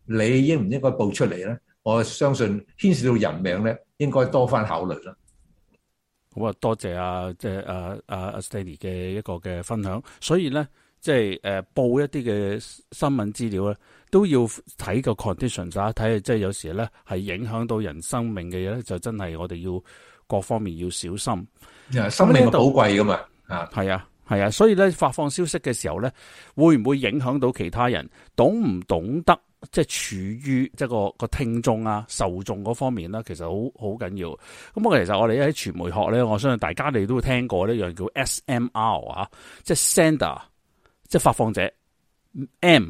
你應唔應該報出嚟咧？我相信牽涉到人命咧，應該多番考慮啦。好啊，多謝阿、啊、即係、啊、阿阿、啊、阿 Stanley 嘅一個嘅分享。所以咧，即係誒報一啲嘅新聞資料咧。都要睇個 conditions 啊，睇下即係有時咧係影響到人生命嘅嘢咧，就真係我哋要各方面要小心。因為生命都好貴噶嘛，啊，係啊，係啊，所以咧發放消息嘅時候咧，會唔會影響到其他人？懂唔懂得即係處於即係個個聽眾啊、受眾嗰方面啦？其實好好緊要。咁我其實我哋喺傳媒學咧，我相信大家你都會聽過呢樣叫 S.M.R. 啊，即係 sender，即係發放者 M。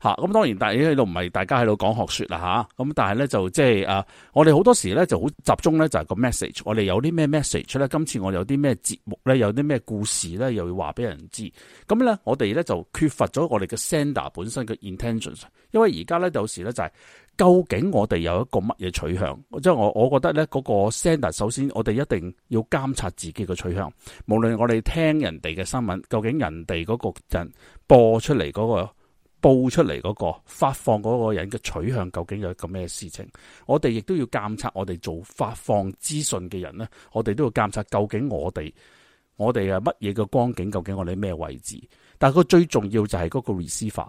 咁、嗯、當然，但係喺度唔係大家喺度講學說啦咁、啊、但係咧，就即係誒，我哋好多時咧就好集中咧，就係、是、個 message。我哋有啲咩 message 咧？今次我有啲咩節目咧？有啲咩故事咧？又要話俾人知咁咧？我哋咧就缺乏咗我哋嘅 sender 本身嘅 intention。因為而家咧有時咧就係、是、究竟我哋有一個乜嘢取向，即、就、係、是、我我覺得咧嗰、那個 sender 首先我哋一定要監察自己嘅取向，無論我哋聽人哋嘅新聞，究竟人哋嗰、那個人播出嚟嗰、那個。報出嚟嗰個發放嗰個人嘅取向，究竟有一個咩事情？我哋亦都要監測我哋做發放資訊嘅人咧。我哋都要監測究竟我哋我哋啊乜嘢嘅光景？究竟我哋咩位置？但係個最重要就係嗰個 receiver，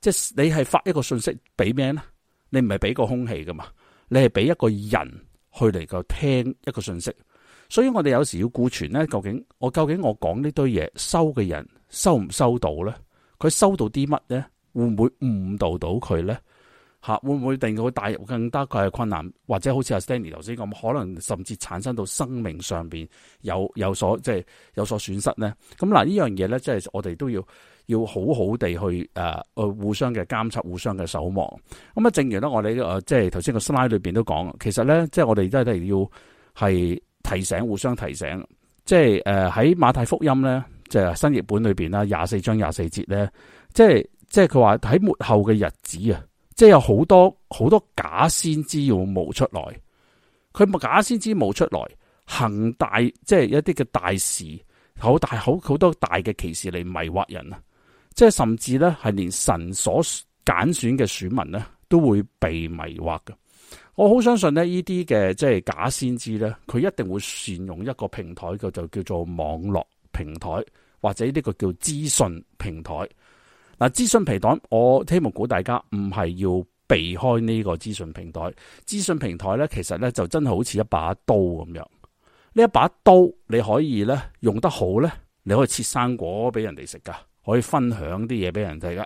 即係你係發一個信息俾咩咧？你唔係俾個空氣噶嘛？你係俾一個人去嚟個聽一個信息。所以我哋有時要顧全咧，究竟我究竟我講呢堆嘢收嘅人收唔收到咧？佢收到啲乜咧？會唔會誤導到佢咧？吓，會唔會令到佢帶入更加佢嘅困難，或者好似阿 Stanley 頭先咁，可能甚至產生到生命上邊有有所即係、就是、有所損失咧？咁嗱，呢樣嘢咧，即、就、係、是、我哋都要要好好地去誒誒、呃，互相嘅監測，互相嘅守望。咁啊，正如咧，我哋誒即係頭先個 slide 裏邊都講，其實咧，即係我哋都係要係提醒，互相提醒。即係誒喺馬太福音咧，即係、就是、新譯本裏邊啦，廿四章廿四節咧，即係。即係佢話喺末後嘅日子啊，即係有好多好多假先知要冒出來，佢咪假先知冒出來，恆大即係一啲嘅大事，好大好好多大嘅奇事嚟迷惑人啊！即係甚至咧係連神所揀選嘅選民咧都會被迷惑嘅。我好相信咧，呢啲嘅即係假先知咧，佢一定會善用一個平台，就就叫做網絡平台或者呢個叫資訊平台。嗱，資訊平台，我希望鼓大家唔係要避開呢個資訊平台。資訊平台呢，其實呢就真係好似一把刀咁樣。呢一把刀你可以呢用得好呢，你可以切生果俾人哋食噶，可以分享啲嘢俾人哋噶。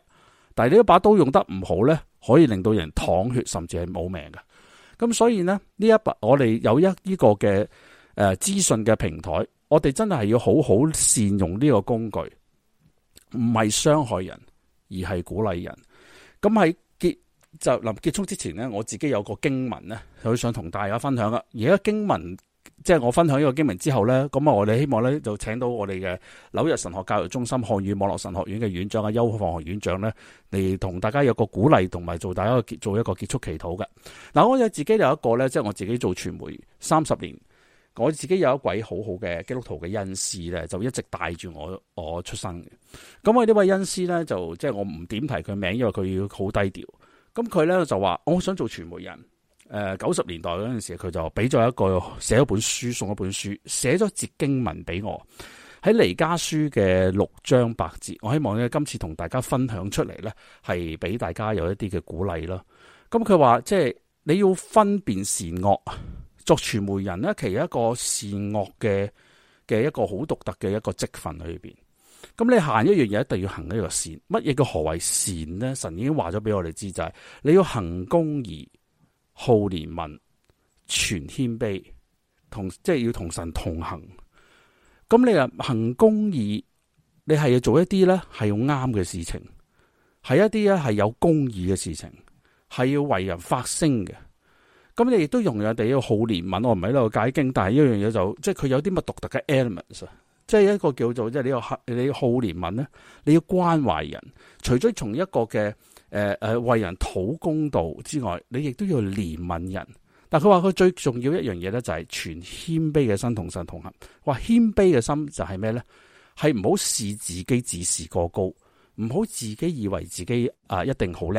但係呢一把刀用得唔好呢，可以令到人淌血，甚至係冇命噶。咁所以呢，呢一把我哋有一呢、這個嘅誒資訊嘅平台，我哋真係要好好善用呢個工具，唔係傷害人。而係鼓勵人，咁喺結就臨結束之前呢，我自己有個經文呢，就想同大家分享啦。而家經文，即係我分享呢個經文之後呢，咁啊，我哋希望呢，就請到我哋嘅紐約神學教育中心漢語網絡神學院嘅院長啊邱防學院長呢，嚟同大家有個鼓勵，同埋做大家一個結做一個結束祈禱嘅。嗱，我有自己有一個呢，即係我自己做傳媒三十年。我自己有一位好好嘅基督徒嘅恩師咧，就一直帶住我我出生嘅。咁啊呢位恩師咧就即係、就是、我唔點提佢名，因為佢要好低調。咁佢咧就話我想做傳媒人。誒、呃，九十年代嗰陣時，佢就俾咗一個寫咗本書，送咗本書，寫咗節經文俾我喺離家書嘅六章八節。我希望咧今次同大家分享出嚟咧，係俾大家有一啲嘅鼓勵啦。咁佢話即係你要分辨善惡。作傳媒人咧，其實一個善惡嘅嘅一個好獨特嘅一個職份喺裏邊。咁你行一樣嘢，一定要行一個善。乜嘢叫何謂善呢？神已經話咗俾我哋知，就係你要行公義、好憐憫、全謙卑，同即係要同神同行。咁你啊行公義，你係要做一啲咧係要啱嘅事情，係一啲咧係有公義嘅事情，係要為人發聲嘅。咁你亦都同樣地要好憐憫，我唔係喺度解經，但係一樣嘢就即係佢有啲乜獨特嘅 elements，即係一個叫做即係呢個你要好憐憫咧，你要關懷人。除咗從一個嘅誒誒為人討公道之外，你亦都要憐憫人。但佢話佢最重要一樣嘢咧，就係全謙卑嘅心同神同行。話謙卑嘅心就係咩咧？係唔好視自己自視過高，唔好自己以為自己啊一定好叻。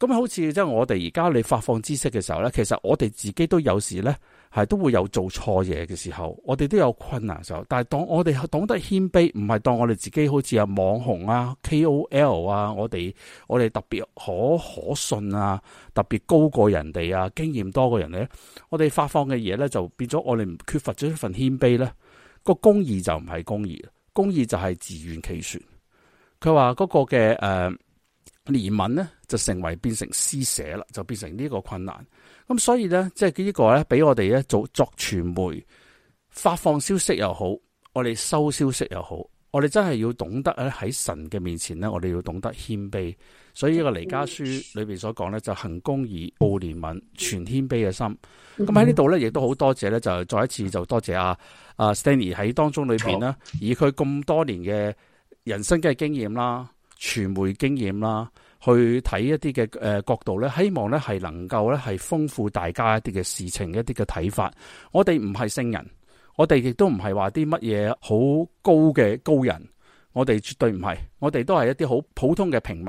咁好似即係我哋而家你發放知識嘅時候咧，其實我哋自己都有時咧，係都會有做錯嘢嘅時候，我哋都有困難時候。但係當我哋懂得謙卑，唔係當我哋自己好似啊網紅啊 KOL 啊，我哋我哋特別可可信啊，特別高過人哋啊，經驗多過人咧，我哋發放嘅嘢咧就變咗我哋唔缺乏咗一份謙卑咧，個公義就唔係公義，公義就係自圓其說。佢話嗰個嘅誒。憐憫咧就成為變成施捨啦，就變成呢個困難。咁所以咧，即係呢個咧，俾我哋咧做作傳媒發放消息又好，我哋收消息又好，我哋真係要懂得咧，喺神嘅面前咧，我哋要懂得謙卑。所以呢、這個彌迦書裏邊所講咧，就行公義好憐憫、存謙卑嘅心。咁喺呢度咧，亦都好多謝咧，就再一次就多謝阿、啊、阿、啊、Stanley 喺當中裏邊啦，好以佢咁多年嘅人生嘅經驗啦，傳媒經驗啦。去睇一啲嘅角度咧，希望咧係能夠咧係豐富大家一啲嘅事情、一啲嘅睇法。我哋唔係聖人，我哋亦都唔係話啲乜嘢好高嘅高人，我哋絕對唔係，我哋都係一啲好普通嘅平民。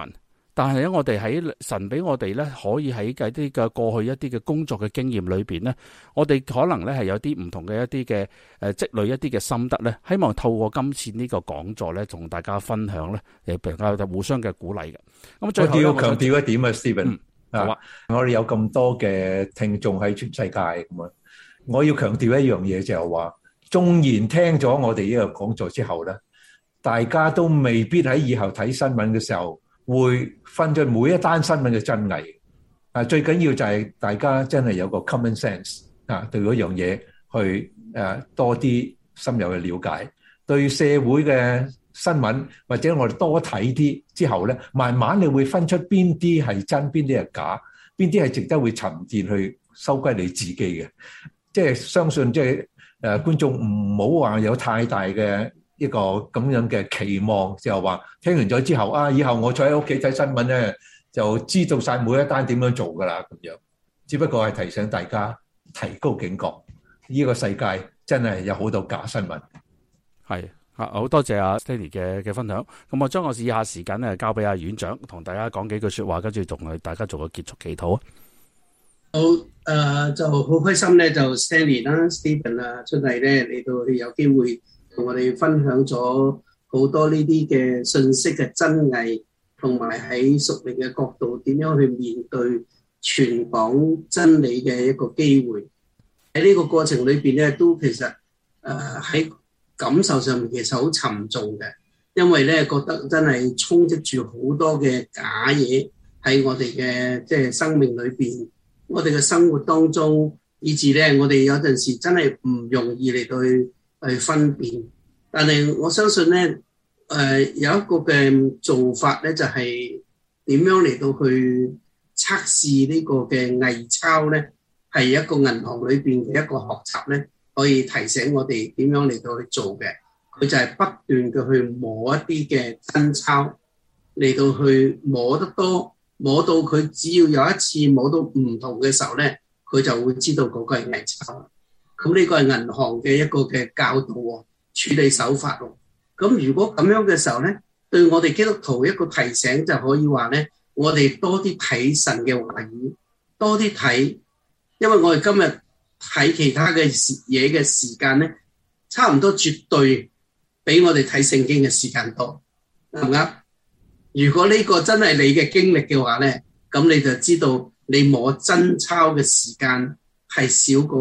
但係咧，我哋喺神俾我哋咧，可以喺一啲嘅過去一啲嘅工作嘅經驗裏邊咧，我哋可能咧係有啲唔同嘅一啲嘅誒積累一啲嘅心得咧，希望透過今次呢個講座咧，同大家分享咧，誒比較互相嘅鼓勵嘅。咁啊，最要強調一點啊 Steven 啊，啊我哋有咁多嘅聽眾喺全世界咁樣，我要強調一樣嘢就係、是、話，縱然聽咗我哋呢個講座之後咧，大家都未必喺以後睇新聞嘅時候，會分咗每一單新聞嘅真偽，啊，最緊要就係大家真係有個 common sense 啊，對嗰樣嘢去誒多啲深入嘅了解，對社會嘅新聞或者我哋多睇啲之後咧，慢慢你會分出邊啲係真，邊啲係假，邊啲係值得會沉澱去收歸你自己嘅，即係相信即係誒觀眾唔好話有太大嘅。一個咁樣嘅期望，就係話，聽完咗之後啊，以後我坐喺屋企睇新聞咧，就知道晒每一單點樣做噶啦，咁樣。只不過係提醒大家提高警覺，呢個世界真係有好多假新聞。係啊，好多謝阿 Stanley 嘅嘅分享。咁我將我以下時間咧，交俾阿院長同大家講幾句說話，跟住同大家做個結束祈禱啊。好誒，就好開心咧，就 Stanley 啦 Stephen 啦，啦出嚟咧，你到你有機會。同我哋分享咗好多呢啲嘅信息嘅真偽，同埋喺屬靈嘅角度，點樣去面對傳講真理嘅一個機會。喺呢個過程裏邊咧，都其實誒喺、呃、感受上面，其實好沉重嘅，因為咧覺得真係充斥住好多嘅假嘢喺我哋嘅即係生命裏邊，我哋嘅生活當中，以至咧我哋有陣時真係唔容易嚟對。去分辨，但係我相信咧，誒、呃、有一個嘅做法咧，就係、是、點樣嚟到去測試呢個嘅偽鈔咧，係一個銀行裏面嘅一個學習咧，可以提醒我哋點樣嚟到去做嘅。佢就係不斷嘅去摸一啲嘅真鈔，嚟到去摸得多，摸到佢只要有一次摸到唔同嘅時候咧，佢就會知道嗰個係偽鈔。咁呢個係銀行嘅一個嘅教導喎，處理手法喎。咁如果咁樣嘅時候咧，對我哋基督徒一個提醒就可以話咧，我哋多啲睇神嘅話語，多啲睇，因為我哋今日睇其他嘅嘢嘅時間咧，差唔多絕對比我哋睇聖經嘅時間多，係咪？如果呢個真係你嘅經歷嘅話咧，咁你就知道你摸真抄嘅時間係少過。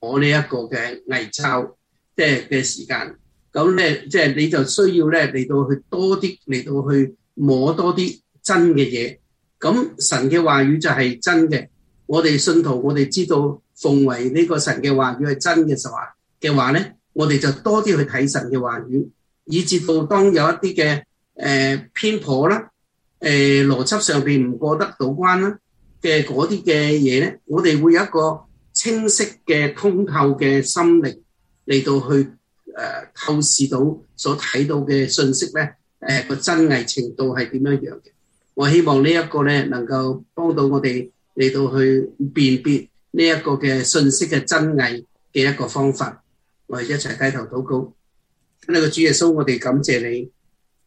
我呢一個嘅偽鈔，即係嘅時間，咁咧即係你就需要咧嚟到去多啲嚟到去摸多啲真嘅嘢，咁神嘅話語就係真嘅。我哋信徒，我哋知道奉為呢個神嘅話語係真嘅說話嘅話咧，我哋就多啲去睇神嘅話語，以致到當有一啲嘅誒偏頗啦，誒邏輯上邊唔過得到關啦嘅嗰啲嘅嘢咧，我哋會有一個。清晰嘅通透嘅心靈嚟到去，誒、呃、透視到所睇到嘅信息咧，誒、呃、個真偽程度係點樣樣嘅？我希望這呢一個咧能夠幫到我哋嚟到去辨別呢一個嘅信息嘅真偽嘅一個方法。我哋一齊低頭禱告，呢個主耶穌，我哋感謝你，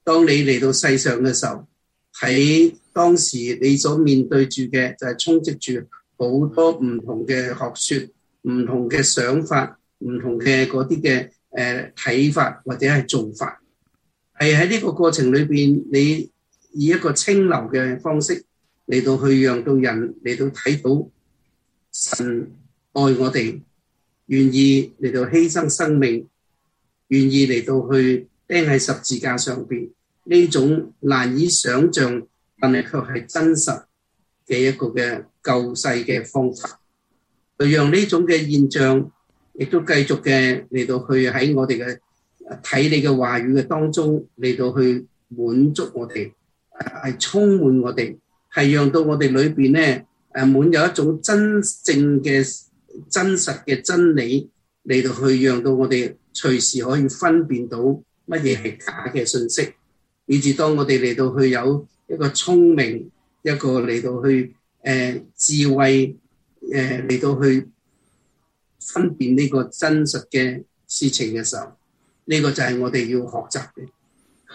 當你嚟到世上嘅時候，喺當時你所面對住嘅就係充斥住。好多唔同嘅學說、唔同嘅想法、唔同嘅嗰啲嘅誒睇法，或者係做法，係喺呢個過程裏邊，你以一個清流嘅方式嚟到去讓到人嚟到睇到神愛我哋，願意嚟到犧牲生命，願意嚟到去釘喺十字架上邊，呢種難以想象，但係卻係真實嘅一個嘅救世嘅方法，就讓呢種嘅現象，亦都繼續嘅嚟到去喺我哋嘅睇你嘅話語嘅當中，嚟到去滿足我哋，係充滿我哋，係讓到我哋裏面咧，誒滿有一種真正嘅真實嘅真理，嚟到去讓到我哋隨時可以分辨到乜嘢係假嘅信息，以至當我哋嚟到去有一個聰明。一個嚟到去誒、呃、智慧誒嚟、呃、到去分辨呢個真實嘅事情嘅時候，呢、這個就係我哋要學習嘅。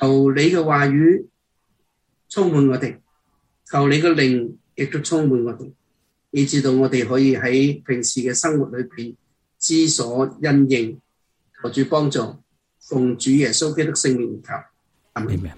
求你嘅話語充滿我哋，求你嘅靈亦都充滿我哋，以至到我哋可以喺平時嘅生活裏邊知所因應，求主幫助，奉主耶穌基督聖名而求，阿門。